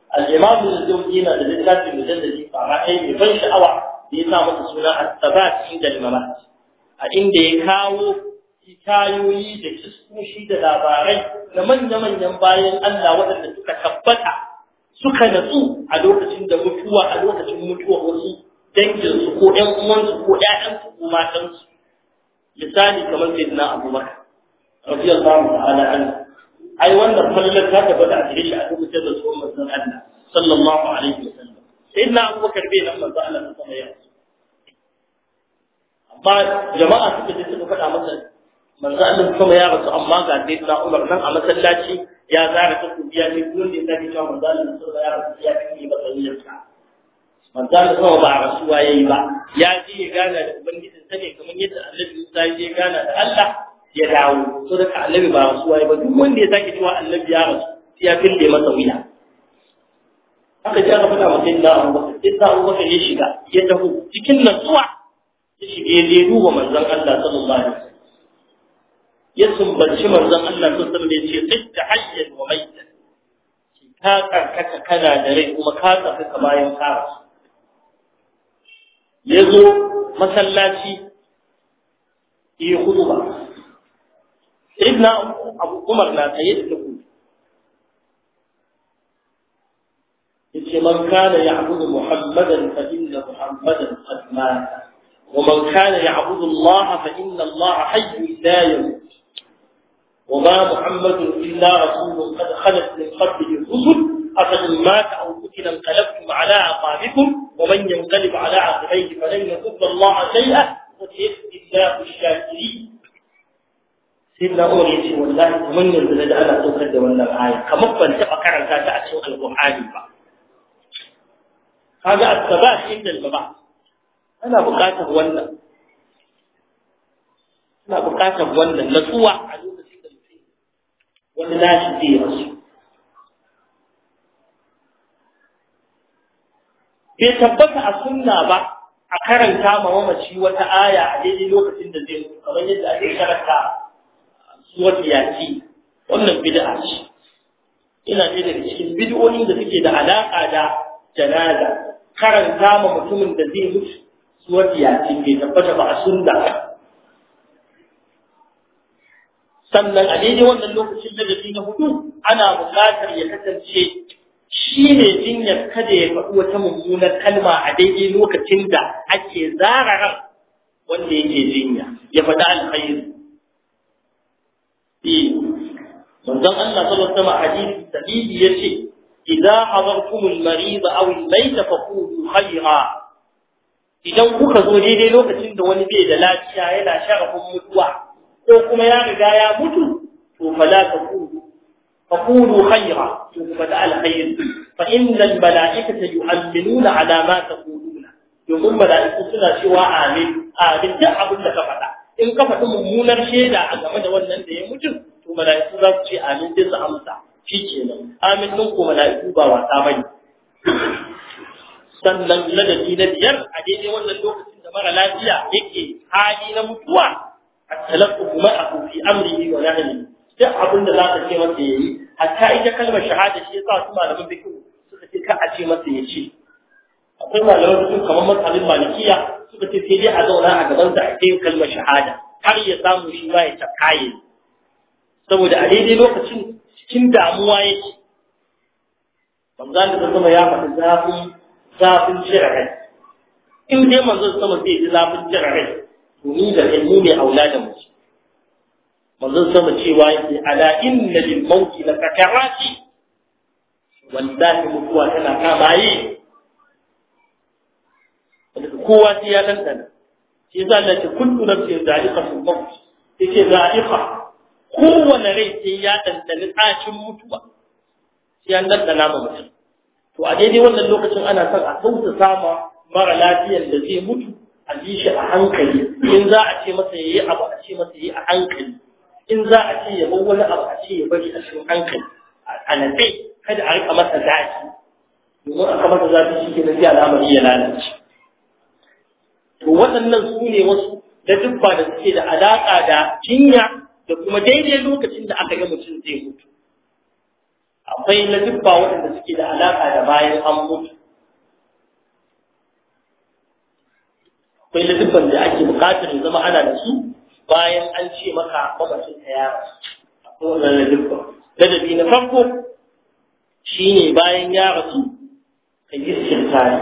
al-imam al-jawzi na da littafin mujalladi fara ai mai ban sha'awa da ya sa masa suna at-tabat inda al-mamat a inda ya kawo hikayoyi da kiskoshi da labarai da manya-manyan bayan Allah waɗanda suka tabbata suka natsu a lokacin da mutuwa a lokacin mutuwar wasu danginsu ko ‘yan uwansu ko ‘ya'yansu ko matansu misali kamar sai na abu maka rafi Allah ta'ala an ai wannan fallar ta tabbata a cikin shi a cikin da tsohon manzon Allah sallallahu alaihi wa sallam sai na abu bakar bai nan manzon Allah sama ya amma jama'a suka je suka faɗa masa manzon Allah sama ya rasu amma ga sai na Umar nan a masallaci ya zara ta kubiya ne dole ne sai ya manzon Allah sama ya rasu ya fi ba tsariyar sa manzan kuma ba a rasuwa yayi ba ya je ya gana da ubangijin sa kaman kamar yadda annabi Musa ya je gana da Allah ya dawo to da annabi ba rasuwa yayi ba duk wanda ya sake cewa annabi ya rasu ya fille masa wuya haka ji aka faɗa masa inda Abu Bakar inda Abu Bakar ya shiga ya taho cikin natsuwa ya shige ya duba manzan Allah sallallahu alaihi wasallam ya sumbaci manzan Allah sallallahu alaihi wasallam ya ce tsaita hayyan wa maitan ka karkata kana da rai kuma ka tafi ka bayan ka يزو مسلاتي هي خطبة سيدنا أبو عمر لا تيد تقول من كان يعبد محمدا فإن محمدا قد مات ومن كان يعبد الله فإن الله حي لا يموت وما محمد إلا رسول قد خلت من قبله الرسل أفمن مات أو قتل انقلبتم على أعقابكم ومن ينقلب على عقبيه فلن يضر الله شيئا وسيجزي الله الشاكرين سيدنا عمر يجي والله تمنى ان انا توكل da wannan aya kamar ban taba karanta ta a cikin alqur'ani ba kaga asbab inda albaba ana buƙatar wannan ana buƙatar wannan natsuwa a lokacin da wani nashi zai rasu bai tabbata a sunna ba a karanta ma mamaci wata aya a daidai lokacin da zai mutu kamar yadda ake karanta suwar yaki wannan bid'a ce ina ɗaya daga cikin bid'o'in da suke da alaƙa da janaza karanta ma mutumin da zai mutu suwar yaki bai tabbata ba a sunna sannan a daidai wannan lokacin da na hudu ana buƙatar ya kasance shi ne jinyar kada ya faɗi wata mummunar kalma a daidai lokacin da ake zararar wanda yake jinya ya faɗi alkhairi eh manzon Allah sallallahu alaihi wasallam hadisi sahihi yace idza hadartumul marid aw al-mayt faqulu khayra idan kuka zo daidai lokacin da wani bai da lafiya yana sharafin mutuwa ko kuma ya riga ya mutu to fala taqulu فقولوا خيرا فدع الخير فإن الملائكة يؤمنون على ما تقولون يقول ملائكة cewa شوى آمين آمين دع أبو لك in ka faɗi mummunar shaida a game da wannan da ya mutu to mala'iku za su ce amin sai su amsa shi kenan amin din ko mala'iku ba wasa bane sannan ladabi na biyar a daidai wannan lokacin da mara lafiya yake hali na mutuwa a talaqqu ma'ahu fi amrihi wa nahyihi duk abin da za ka ce masa ya yi hatta ita kalmar shahada shi yasa su malaman bikin suka ce ka a ce masa ya ce akwai malaman bikin kamar masalin malikiya suka ce sai dai a zauna a gaban sa a ce kalmar shahada har ya samu shi ma ya takaye saboda a daidai lokacin cikin damuwa yake manzan da zama ya faɗi zafin zafin rai in dai manzon sama zai ji zafin cire rai to ni da ilmi ne aula da mutum manzon sama cewa yake ala inna lil mauti la sakarati wallahi mutuwa tana kama yi kowa sai ya dandana shi yasa Allah ce kullu nafsin fil maut yake za'iqa kowane rai sai ya dandana tsacin mutuwa sai ya dandana ma mutum to a daidai wannan lokacin ana son a sauta sama mara lafiyar da zai mutu a ji shi a hankali in za a ce masa yayi abu a ce masa yayi a hankali in za a ce ya bar wani abu a ce ya bari a cikin hankali a nabe kada a rika masa zafi domin aka masa zafi shi ke nan al'amari ya lalace to waɗannan su ne wasu da ba da suke da alaƙa da jinya da kuma daidai lokacin da aka ga mutum zai mutu akwai na ba waɗanda suke da alaƙa da bayan an mutu akwai na dubban da ake buƙatar zama ana da su bayan an ce maka mabacin ka yara akwai wannan ladabba ladabi na farko shine bayan ya rasu ka yi shirkari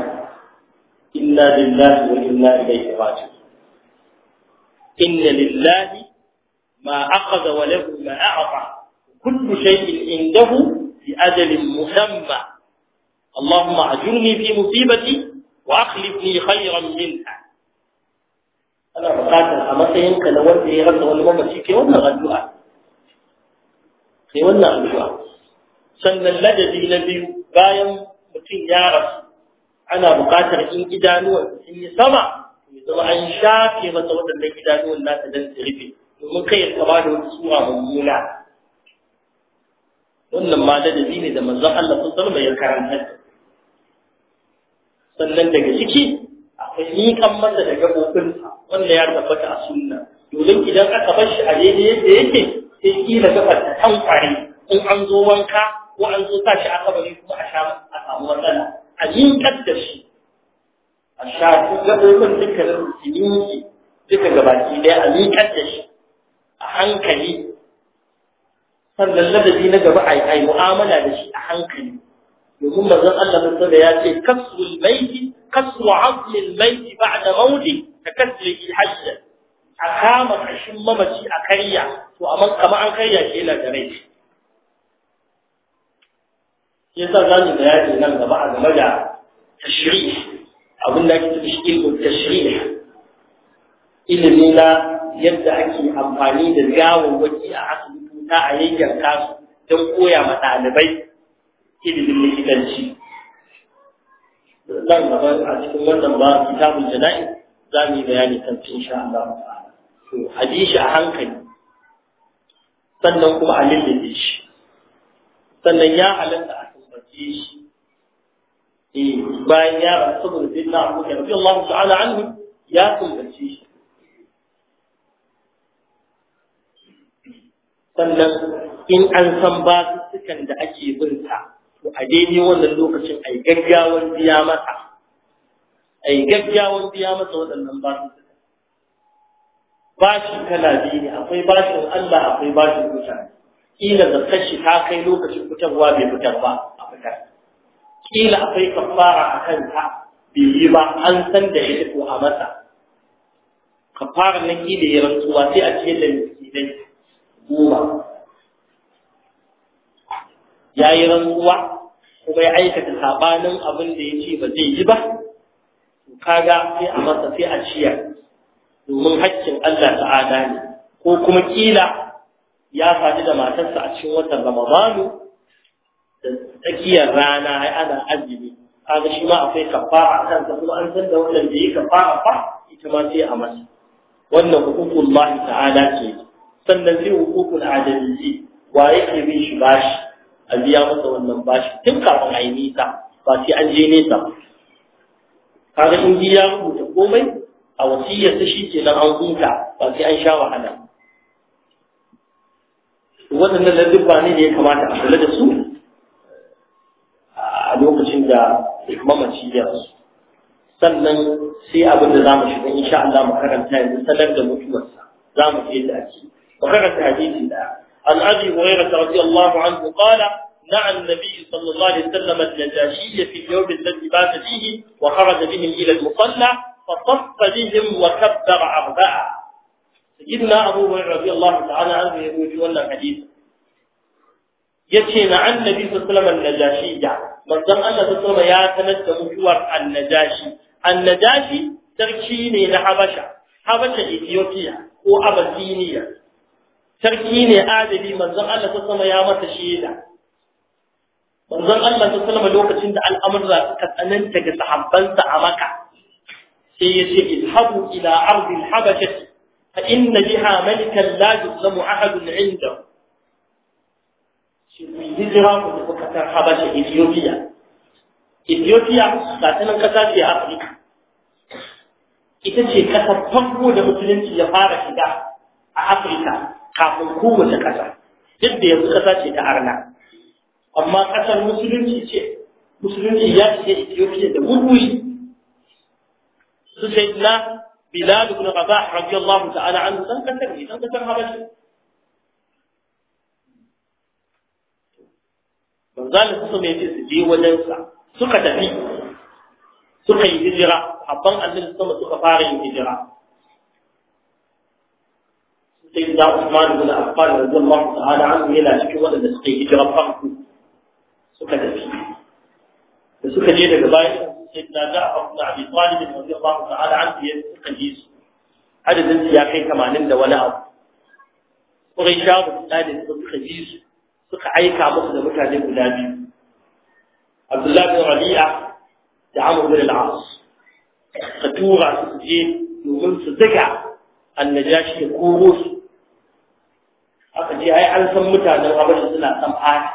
inna lillahi wa inna ilaihi raji'un inna lillahi ma akhadha wa lahu ma a'ta kullu shay'in indahu bi ajalin musamma اللهم اجرني في مصيبتي واخلف لي خيرا منها ana buƙatar a matsayinka na wanda ya rasa wani mamaci kai wannan addu'a kai wannan addu'a sannan ladabi na biyu bayan mutum ya rasu ana buƙatar in idanuwan sun yi sama ya zama an shafe masa waɗannan idanuwan nasa don su rufe domin kai ya kama da wata sura mummuna wannan ma ladabi ne da manzon Allah sun salma ya karanta sannan daga ciki akwai miƙan masa da gaɓoɓinsa wanda ya tabbata a sunna domin idan aka bar shi a daidai yadda yake sai kila gafar ta tankware in an zo wanka ko an zo sa shi a kabari kuma a sha a samu matsala a yinkar da shi a shafi duk gaɓoɓin dukkanin musulmi duka gabaki ɗaya a yinkar da shi a hankali sannan ladabi na gaba a yi mu'amala da shi a hankali domin mazan Allah mun ya ce kasrul maiti a kama الميت mamaci a karya حجا amma kama an karya وأمن كما da rai. Ya sa za mu bayani nan gaba a game da tashri abin da ake tafi shi ilmin tashri ilimi na yadda ake amfani da gawawwaki a asibiti ta a yankin kasu don koya ma ɗalibai ilimin likitanci nan gaba a cikin wannan ba kitabul jana'iz za mu yi bayani kan shi insha Allah to hadisi a hankali sannan kuma a lillabe shi sannan ya halatta a tabbace shi eh bayan ya rasu da bidna Abu Bakar radiyallahu ta'ala anhu ya tabbace shi sannan in an san ba sukan da ake bin ta to a daidai wannan lokacin a yi biya masa a yi biya masa waɗannan basu bashi kala biyu ne akwai bashin Allah akwai bashin kusa kila zakar kashi ta kai lokacin fitarwa bai fitar ba a fitar kila akwai kafara a kanta bai yi ba an san da ya ko a masa kafara na kila ya rantsuwa sai a ce da miskinai goma ya yi rantsuwa kuma ya aikata sabanin abin da ya ce ba zai yi ba kaga sai a masa sai a ciya domin haƙƙin Allah ta'ala ne ko kuma kila ya faɗi da matarsa a cikin watan Ramadanu da tsakiyar rana ai ana azumi kaga shi ma akwai kafara kan ta kuma an san da wannan da yake kafara fa ita ma sai a masa wannan hukukullahi ta'ala ce sannan sai hukukul adalci wa yake bin shi bashi a biya masa wannan bashi tun kafin a yi nisa ba sai an je nesa ba kaga in ji ya rubuta komai a wasiyarsa shi ke nan an huta ba sai an sha wahala waɗannan lalluba ne da ya kamata a kula da su a lokacin da mamaci ya rasu sannan sai abin da za mu shiga insha Allah mu karanta yanzu sanar da mutuwarsa za mu je da ake mu karanta hadisi da عن أبي هريرة رضي الله عنه قال نعى النبي صلى الله عليه وسلم النجاشي في اليوم الذي بات فيه وخرج بهم إلى المصلى فصف بهم وكبر أربعة سيدنا أبو هريرة رضي الله تعالى عنه يقول في ولا حديث يتينا عن النبي صلى الله عليه وسلم النجاشي manzon أن ta sama ya sanar da mutuwar annajashi annajashi sarki ne na habasha habasha sarki ne adali manzon Allah ta sama ya masa shaida manzon Allah ta sama lokacin da al'amurra suka tsananta ga sahabbansa a maka sai ya ce ilhabu ila ardi alhabashati fa inna biha malikan la yuzlamu ahadun inda. shi ku hijira ku tafi kasar habasha Ethiopia Ethiopia ga ta nan kasa ce Afirka ita ce kasar farko da musulunci ya fara shiga a Afirka kafin kowace ƙasa duk da yanzu ƙasa ce ta arna amma ƙasar musulunci ce musulunci ya ce Ethiopia da wurwuri su sai na Bilal ibn Rabah radiyallahu ta'ala an san kasar ne dan kasar Habasha manzalin su mai ce su je wajensa suka tafi suka yi hijira abban annabi sama suka fara yin hijira sai da Usman ibn Affan radiyallahu ta'ala anhu yana cikin waɗanda suka yi hijira farko suka tafi da suka je daga baya sai da Ja'far ibn Abi Talib radiyallahu ta'ala anhu ya suka ji su adadin su ya kai 80 da wani abu Quraisha da Talib suka ji su suka aika musu da mutane guda biyu Abdullah bin Rabi'a da Amr bin al-As ka tura su je domin su daga annajashi ya koro su aka ce ai an san mutanen habasha suna san fata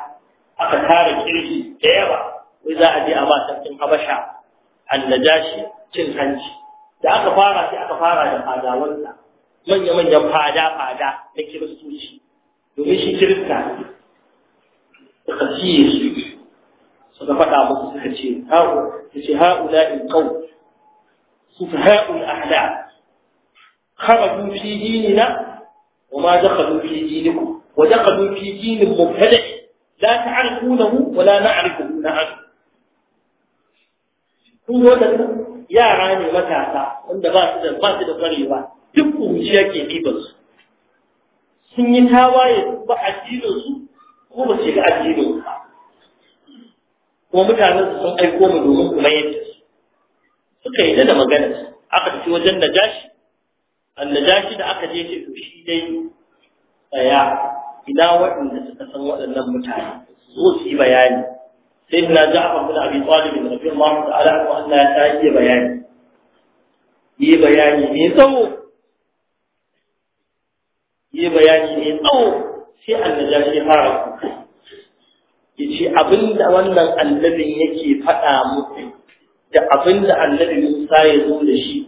aka tara kirki da yawa wai za a je a ba sarkin habasha annajashi cin hanci da aka fara sai aka fara da fadawansa manya-manyan fada-fada na kiristoci domin shi kirista ne suka siye su suka faɗa musu suka ce ha'u ta ce ha'u la'in kau su fi Kama ahla kharaju ne dinina وما دخلوا في دينكم ودخلوا في دين مبتدع لا تعرفونه ولا نعرفه نعرفه kun zo da yara ne matasa wanda ba su da ba su da kwarewa duk kunci yake ɗiban sun yi tawaye ba a su ko ba shiga addinin ba kuma mutanen su sun aiko mu domin kuma yadda su suka yi da magana aka ci wajen najashi annajashi da aka je ce to shi dai tsaya ina waɗanda suka san waɗannan mutane zo su yi bayani sai ina ja'far bin abin talib bin rabbi Allah ta'ala ko Allah ya ta yi bayani yi bayani ne tsawo yi bayani ne tsawo sai annajashi ya fara abin abinda wannan annabin yake faɗa muku da abinda annabin Musa ya zo da shi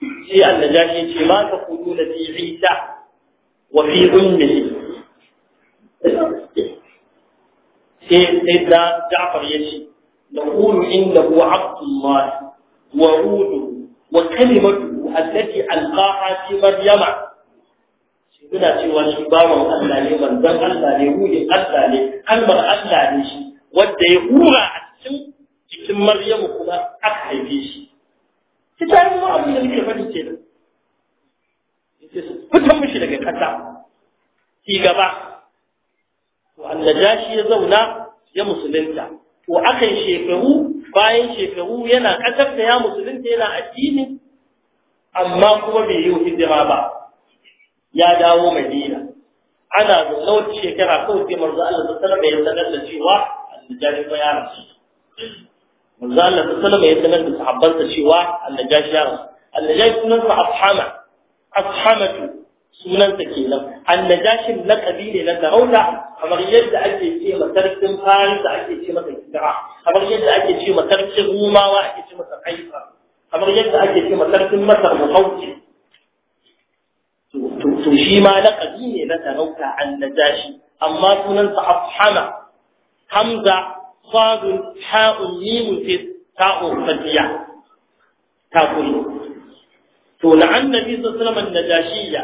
sai annajashi ce ma ka na fi isa wa fi ummihi sai sai da Ja'far yace نقول إنه عبد الله وروده وكلمته التي ألقاها في مريم suna cewa shi bawan Allah ne manzon Allah ne ruhin Allah ne kalmar Allah ne shi wanda ya hura a cikin cikin Maryamu kuma aka haife shi ki ta mu abin da nake faɗi kenan fitan mishi daga kasa ci gaba to annajashi ya zauna ya musulunta to akan shekaru bayan shekaru yana kasar da ya musulunta yana addini amma kuma bai yi hijira ba ya dawo madina ana zaune wata shekara kawai sai manzo Allah sallallahu alaihi wasallam ya sanar da cewa annajashi ba ya rasu manzo Allah sallallahu alaihi wasallam ya sanar da sahabbansa cewa annajashi ya rasu annajashi sunansa ashama ashamatu sunansa kenan annajashin laqabi ne na sarauta kamar yadda ake ce ma sarkin farisa ake ce masa kira kamar yadda ake ce ma sarkin rumawa ake ce masa kaifa kamar yadda ake ce ma sarkin masar muhauci to shi ma laqabi ne na sarauta annajashi amma sunansa ashama hamza صاد حاء ميم في تاء فتية تاكل to la'an nabi sallallahu alaihi najashiya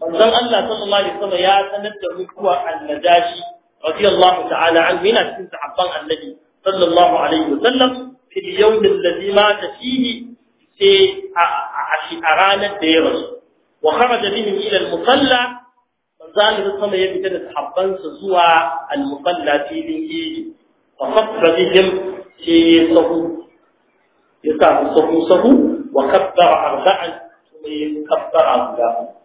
manzon Allah sallallahu alaihi wasallam ya sanar da mutuwa an-najashi radiyallahu ta'ala an mina cikin sahabban annabi sallallahu alaihi wasallam fi yawm alladhi mata fihi sai a ranar da ya rasu wa kharaja bihim ila al-musalla manzon Allah sallallahu ya fita da sahabbansa zuwa al-musalla filin idi فخف بهم في صفو يسعى صفو صفو وكبر أربعا ثم يكبر أربعا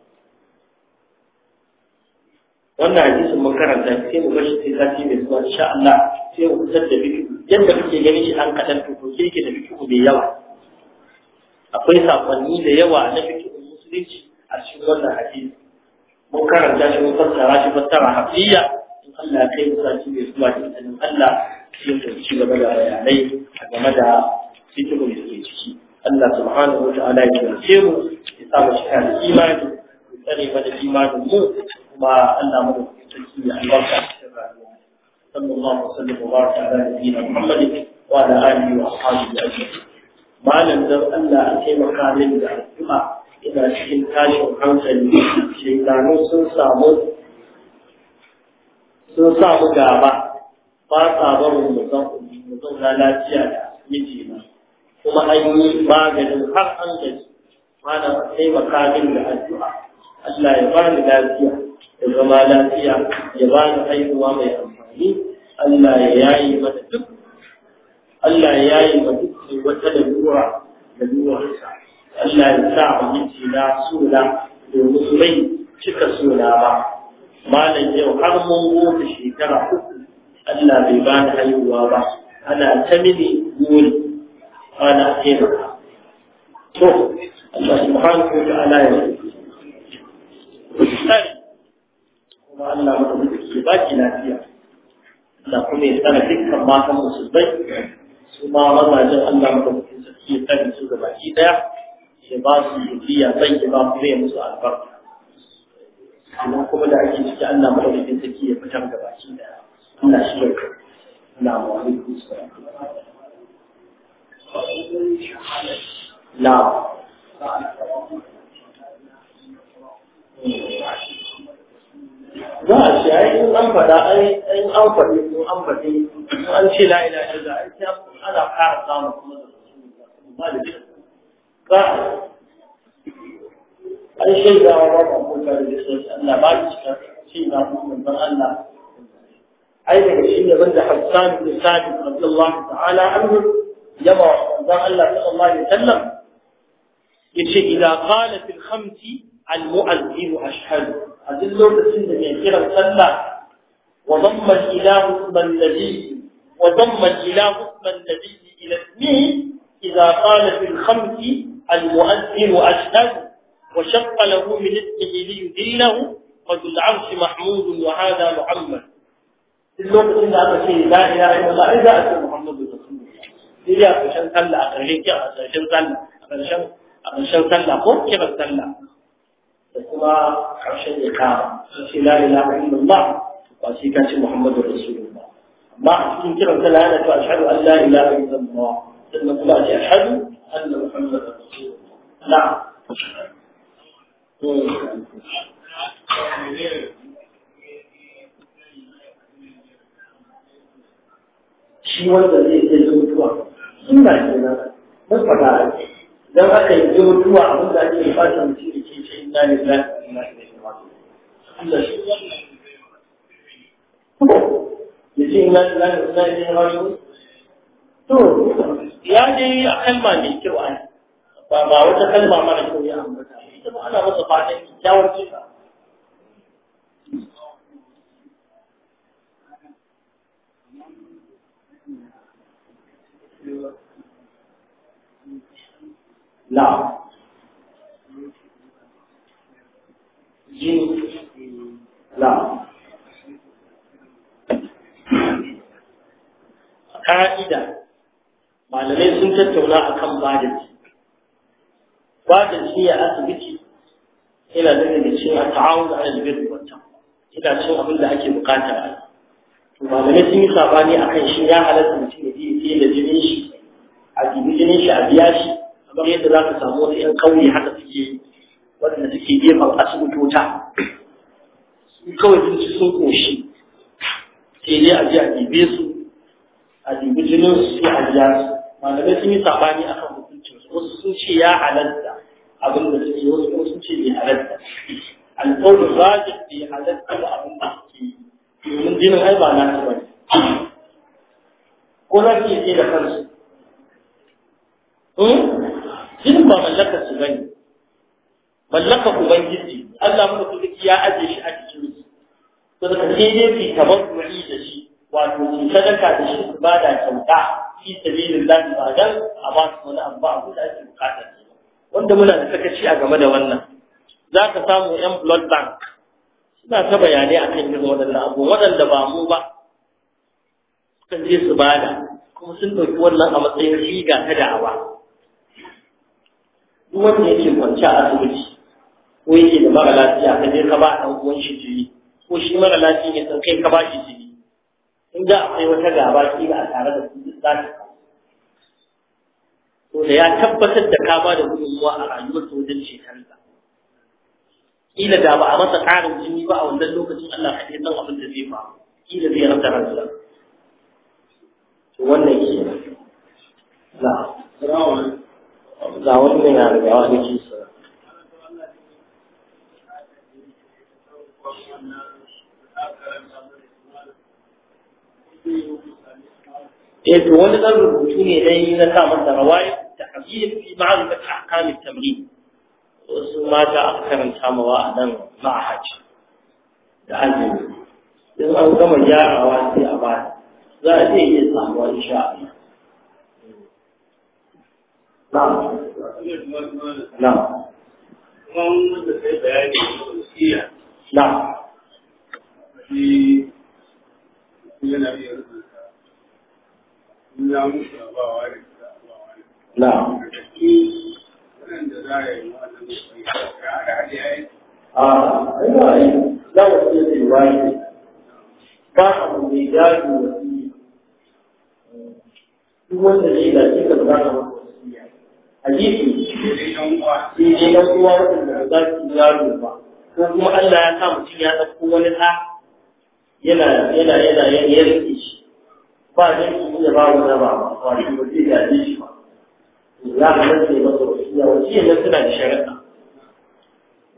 wannan hadisin mun karanta sai mu bar shi sai sati mai zuwa insha Allah sai mu fitar da biki yadda kuke ganin shi an kadan to ko sai da biki mai yawa akwai sakonni da yawa na biki musulunci a cikin wannan hadisi mun karanta shi mun fassara shi fassara hafiya Allah kai mu sati mai zuwa da sanin Allah sai mu ci gaba da bayanai game da cikin da ke ciki Allah subhanahu wataala ya tsare mu ya sa mu cika da imani ya tsare mana imanin mu kuma Allah mu da tsaki ya albarka صلى الله وسلم وبارك على نبينا محمد وعلى اله واصحابه اجمعين Malam لم Allah الله taimaka min da addu'a ina cikin tashin hankali Shekaru sun samu sun sa mu gaba ba sa barin mu zauna lafiya da miji na kuma an yi maganin har an gaji mana ba min da addu'a Allah ya bani lafiya da zama lafiya ya bani haihuwa mai amfani Allah ya yayi mana duk Allah ya yayi mana duk wata da ruwa Allah ya sa mu miji na suna domin mai cika suna ba malam yau har mun goma shekara uku Allah bai ba ni haihuwa ba ana ta mini gori ana taimaka to Allah subhanahu wa ta'ala ya tsari kuma Allah mutum ke baki lafiya da kuma ya tsara dukkan matan musulmai su ma mazajen Allah mutum ke sarki ya tsare su gaba ki daya ya ba su biya zai ya ba kuma ya musu albarka amma kuma da ake ciki Allah madaukakin ta ke fitar da baki da Allah shi ya kai Assalamu kusa Na za a ce ai in an faɗa ai in an faɗi in an faɗi in an ce la ila ila ai sai ana fara samun kuma da su ba da ba an shaida wa ba ku kota da sai Allah ba ki cika shi na ku ban Allah ai da shi da banda Hassan bin Sabit radiyallahu ta'ala anhu yaba dan Allah sallallahu alaihi wasallam yace idza qalat al khamsi al mu'azzin ashhadu a duk lokacin da mai kiran sallah wa dhamma al ilahu isman nabi wa dhamma al ilahu isman nabi ila ismihi idza qalat al khamsi al mu'azzin ashhadu وشق له من اسمه ليذله فذو العرش محمود وهذا محمد اللغة إلا أبشي لا إله إلا الله إذا أتى محمد رسول الله إذا أبشان تلا أخرين كيف أبشان تلا أبشان أبشان تلا قوم كيف أبشان تلا فكما عرش يكار أبشي لا إله إلا الله وأبشي كان محمد رسول الله ما أبشان كيف أبشان أنا أشهد أن لا إله إلا الله لأن الله أشهد أن محمد رسول الله نعم shi wanda zai zai mutuwa suna kenan mun faɗa don haka yi mutuwa abin da ake fata mutum da ke ce ina ne za a ina ne Allah shi ya ce ina ne za a ina ne hawaii to ya dai a kalma ne kyau a ba wata kalma mara kyau ya ambata ita ma ana masa fatan kyawar kisa لا جيم لا قاعدة malamai sun tattauna a akan badanci badanci ya asibiti yana da daga a ta'awun da ana biyar wata ina cin abin da ake bukata to malamai sun yi sabani a kan shi ya halatta mutum ya biyu fiye da jinin shi a jini jinin shi a biya shi kamar yadda za ka samu wasu 'yan ƙauye haka suke waɗanda suke gefen asibitota su kawai sun ci sun ƙoshi sai dai a je a ɗibe su a ɗibi jinin su sai a biya su malamai sun yi sabani a kan hukuncin su wasu sun ce ya halatta abin da suke wasu kuma sun ce bai halatta alƙawarin rajin bai halatta da abin da suke domin jinin ai ba na ba ne ko za ki iya da kansu hmm? jinin ba Mallaka su bane mallakar ubangiji Allah muka kuma ya aje shi a cikin su to da kace ne fi tabarru'i da shi wato ki sadaka da shi ba da kyauta fi sabilillah ba dan a ba su wani abu a guda ki wanda muna da sakaci a game da wannan za ka samu yan blood bank suna ta bayanai a kan irin waɗanda abu waɗanda ba mu ba sukan je su bada kuma sun ɗauki wannan a matsayin riga ta da'awa duk wanda yake kwanci a asibiti ko yake da mara lafiya ka je ka ba ɗan uwan shi jini ko shi mara lafiya ne san kai ka ba shi jini in da akwai wata gaba kila a tare da su za ta to da ya tabbatar da ka ba da gudunmuwa a rayuwar ta wajen shekarunsa kila da ba a masa ƙarin jini ba a wannan lokacin Allah kaɗai san abin da zai ba, kila zai rasa ransa to wannan ke na ga wani mai na da ke sa eh to wani ɗan rubutu ne dai na sa masa rawaya tafiye fi ba a zata hakamin tamri wasu mata a karanta ma wa a nan ma'ahaj da azumi idan an gama gyarawa sai a ba za a iya yin samuwa insha Na. Na. Na. Na. na a ina yi za mu ce da wani ba abu mai gado wasiya duk wanda zai da shi ka za ka masa wasiya hadisi sai dai dan uwa wanda ba za su gado ba ko kuma Allah ya sa mutum ya ɗauko wani ɗa yana yana yana yana shi ba zai iya ba wani ba ba shi ba zai gaje shi ba za ka nace masa wasiya wasiyar nan suna da shari'a.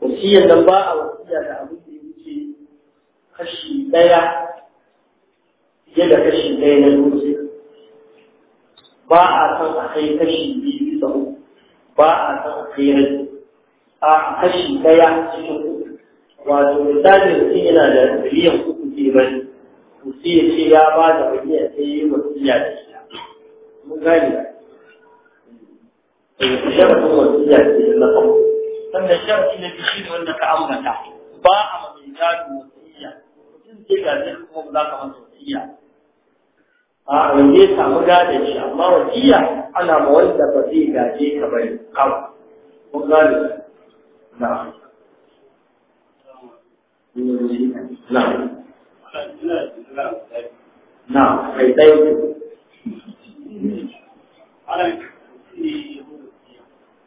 wasiyar nan ba a wasiya da abin da ya wuce kashi ɗaya fiye da kashi ɗaya na dutse ba a san a kai kashi biyu bisa uku ba a san a kai rai a kashi ɗaya cikin uku wato misali mutum yana da miliyan uku ke bari to sai ya ce ya ba da miliyan ɗaya wasiya da ita mun gane الشرط هو الزاد للنقم فمن الشرط الذي يشير أنك أمر تحت باع مزيدان وسيئة وتنتج ذلكم ذاك من وسيئة a wanda ya samu gadon shi amma wasiya ana ma wanda ba zai gaje ka bai kawo kun gane na na na kai tsaye ana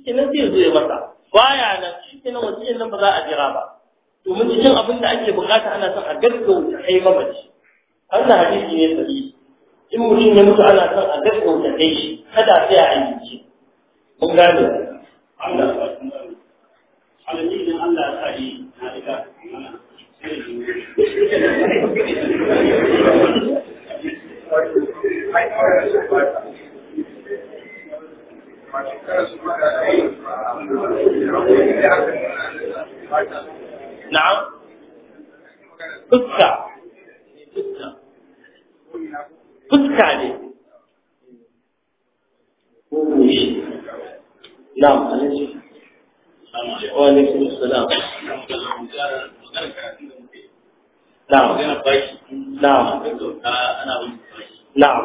kenan zai zo ya masa baya nan kenan wajen nan ba za a jira ba domin cikin abin da ake bukata ana son a gaggauta kai mamaci wannan hadisi ne sahihi in mutum ya mutu ana son a gaggauta kai shi kada sai a aiki mun gane Allah ya alamin Allah ya sa yi na riga Thank you. na'am fuska fuska ne na'am alaikum wa alaikum salam na'am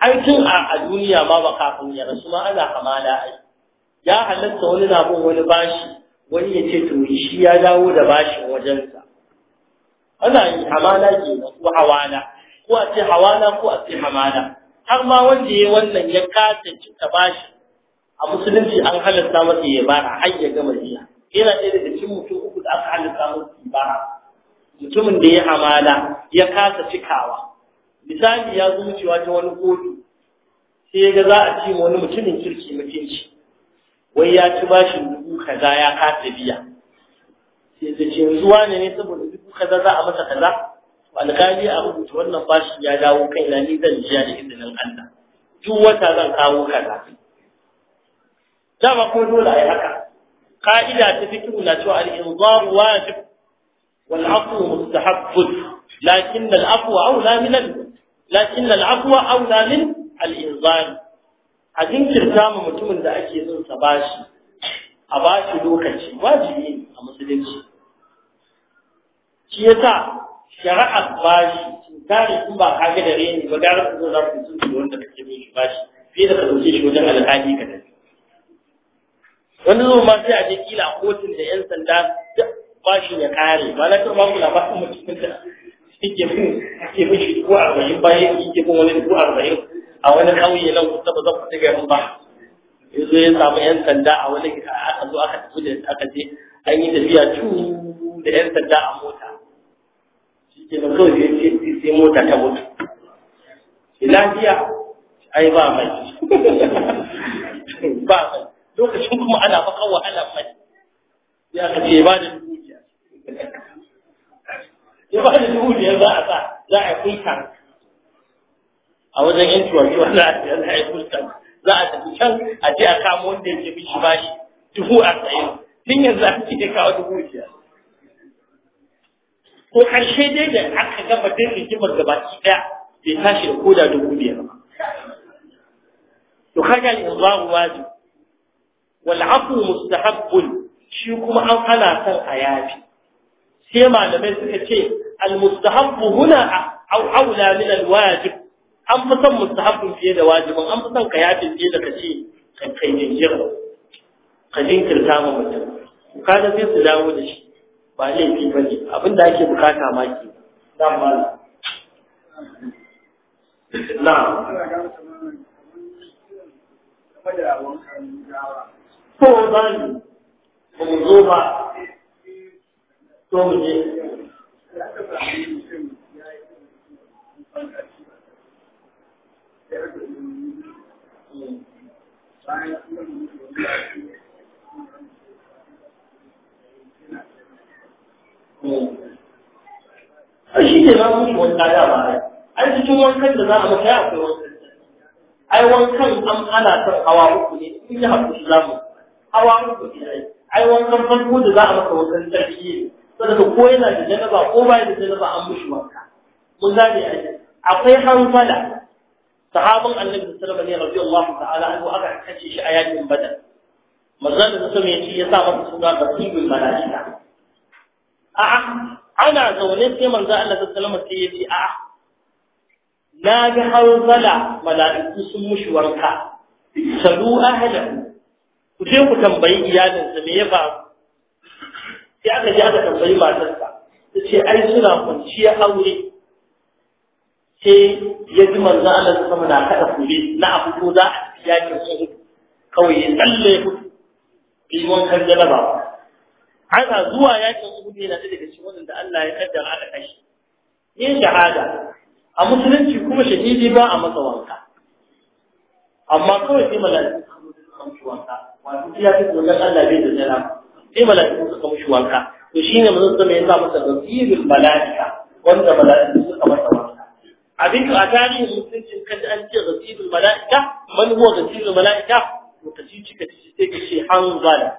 ai tun a duniya ma ba kafin ya rasu ma ana hamala ai ya halatta wani na bin wani bashi wani ya ce to shi ya dawo da bashin wajensa ana yi hamala ke nan ko hawala ko a ce hawala ko a ce hamala har ma wanda ya wannan ya kasa cika bashi a musulunci an halatta masa ya bara har ya gama jiya yana ɗaya daga cikin mutum uku da aka halatta masa ya bara mutumin da ya hamala ya kasa cikawa misali ya zo wucewa ta wani kotu sai ga za a ci ce wani mutumin kirki mutunci wai ya ci bashin dubu kaza ya kasa biya sai da ce yanzu wane ne saboda dubu kaza za a masa kaza alkali a rubuta wannan bashin ya dawo kaina ni zan jiya da izinin Allah duk wata zan kawo kaza dama ko dole ai haka ka'ida ta fikiru na cewa al-inzar wajib wal aqwa mustahab lakin al-aqwa aula min al lakin al'afwa auna min al'inzari a jinkirta mu mutumin da ake son sa bashi a bashi lokaci wajibi ne a musulunci shi yasa shari'ar bashi tare sun ba ka ga dare ne ba gara su za su sun da wanda kake bin shi bashi fiye da ka dauke shi wajen alƙali ka tafi wani zuwa ma sai a je kila a kotun da yan sanda bashin ya kare ba na karɓa ku labarin mutumin da yake bin yake bin shi dubu arba'in bayan yake bin wani a wani ƙauye nan kusa ba zan fita garin ba ya zo ya samu yan sanda a wani gida aka zo aka tafi da aka je an yi tafiya cu da yan sanda a mota shi ke nan kawai sai mota ta ba mai ba mai lokacin kuma ana mai ya ya ba da dubu biyar za a sa za a yi kulka a wajen yan ciwaciwa za a yi kulka za a tafi can a je a kama wanda ya fi shi bashi dubu arba'in tun yanzu a cikin kawo dubu biyar ko karshe dai da aka gama duk rigimar da baki ɗaya bai tashi da koda dubu biyar ba to kaga al-izwaru wajib wal afu mustahabbun shi kuma an ana son a yafi sai malamai suka ce almustahabbu huna au aula min alwajib an fi san mustahabbin fiye da wajibin an fi son ka yafi fiye da kace kai jira ka jinkirta ma mutum da sai su dawo da shi ba laifi ba ne abinda ake bukata ma ke na ko ba ne ba mu zo ba to mu je shi ai, cikin wankan da za a maka ya akwai wankan. Ai wankan an ana hawa uku ne, in yi za Hawa uku ne ai, wankan farko da za a maka wankan ne. saboda ko yana da janaba ko ba da janaba an mushi wanka mun gane a akwai hanfala sahabin annabi sallallahu alaihi radiyallahu ta'ala anhu aka kace shi a yakin badar manzon da sun yace ya sa masa suna basibul malaika a'a ana zaune sai manzon Allah sallallahu alaihi wasallam sai yace a'a na ga hanfala mala'iku sun mushi wanka salu ahlahu ku je ku tambayi iyalinsa me ya faru sai aka ji aka tambayi matarsa ta ce ai suna kwanciya aure sai ya ji manzo Allah sama na kada kure na abu ko za a ci yakin su kawai ya tsalle mutu bimon kan jalaba ana zuwa yakin su ne da daga cikin wanda Allah ya kaddara aka kashi yin shahada a musulunci kuma shahidi ba a masa wanka amma kawai sai mala'iku suka mutu wanka wato ya fi wannan Allah bai da jana sai mala'iku suka wanka to shine manzon sama ya sa masa tafsirul malaika wanda malaika suka masa wanka abin da a tarihin musulunci kan an ce tafsirul malaika man huwa tafsirul malaika to ta ci cika ci sai ka ce hanzala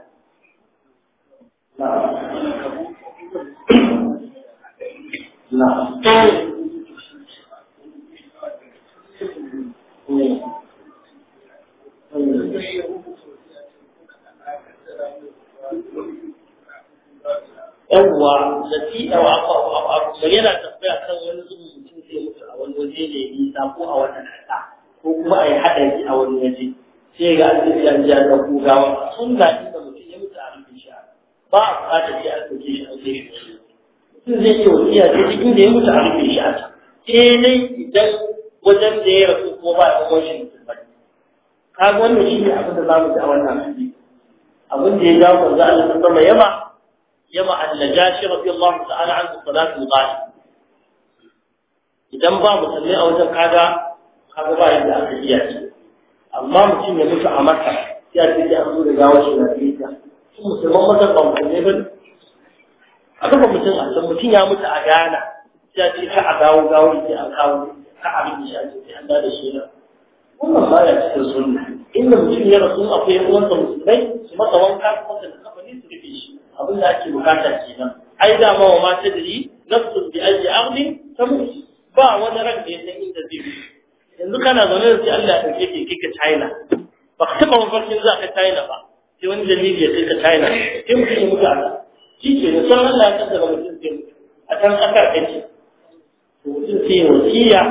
Thank you. yawwa zafi a wafa yana tafiya kan wani zubu mutum zai mutu a wani waje da ya nisa ko a wannan kasa ko kuma a yi haɗa haɗari a wani waje sai ga asibiti an ji an ɗauko gawa sun ga inda mutum ya mutu a rufe shi ba a buƙatar shi a ɗauke shi an kai shi mutum zai iya wasiya sai duk inda ya mutu a rufe shi a sai eh, dai idan wajen da ya rasu ko ba a ɗauko shi mutum ba ka ga wannan shi ne abin da za mu ji a wannan hadisi abin da ya jawo manzo Allah ta sama yaba يما النجاشي رضي الله تعالى عنه صلاة الغائب idan ba mu musulmi a wajen kaga kaga ba yadda aka iya ce amma mutum ya mutu a maka ya ce ya zo da gawa shi na fita sun musulman masa ba mu musulmi ba a kafa mutum a san mutum ya mutu a gana ya ce ka a gawo gawo ne a kawo ka a bin shi a ce an da shi na wannan ba ya cikin sunna inda mutum ya rasu akwai yan uwansa musulmai su masa wanka su masa da kafa ne su rufe shi abin da ake bukata kenan ai da ma ma ta dari nafsun bi ayi ardin tamut ba wani ran da ya san inda zai yi yanzu kana zaune da sai Allah ya dauke ki kika China ba ka taba mafarkin za ka China ba sai wani dalili ya kai ka China sai mutum ya mutu shi ke da san Allah ya kaddara mutum sai a can kasar kake to mutum sai ya wasiya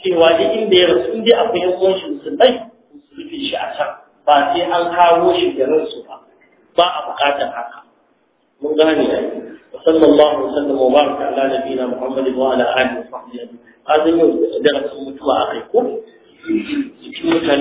cewa duk inda ya rasu inda akwai yan uwan shi musulmai su rufe shi a can ba sai an kawo shi garin su ba ba a bukatar haka mun gane sallallahu alaihi wasallam wa baraka ala nabiyyina muhammad wa yau da rasulullahi akai ko cikin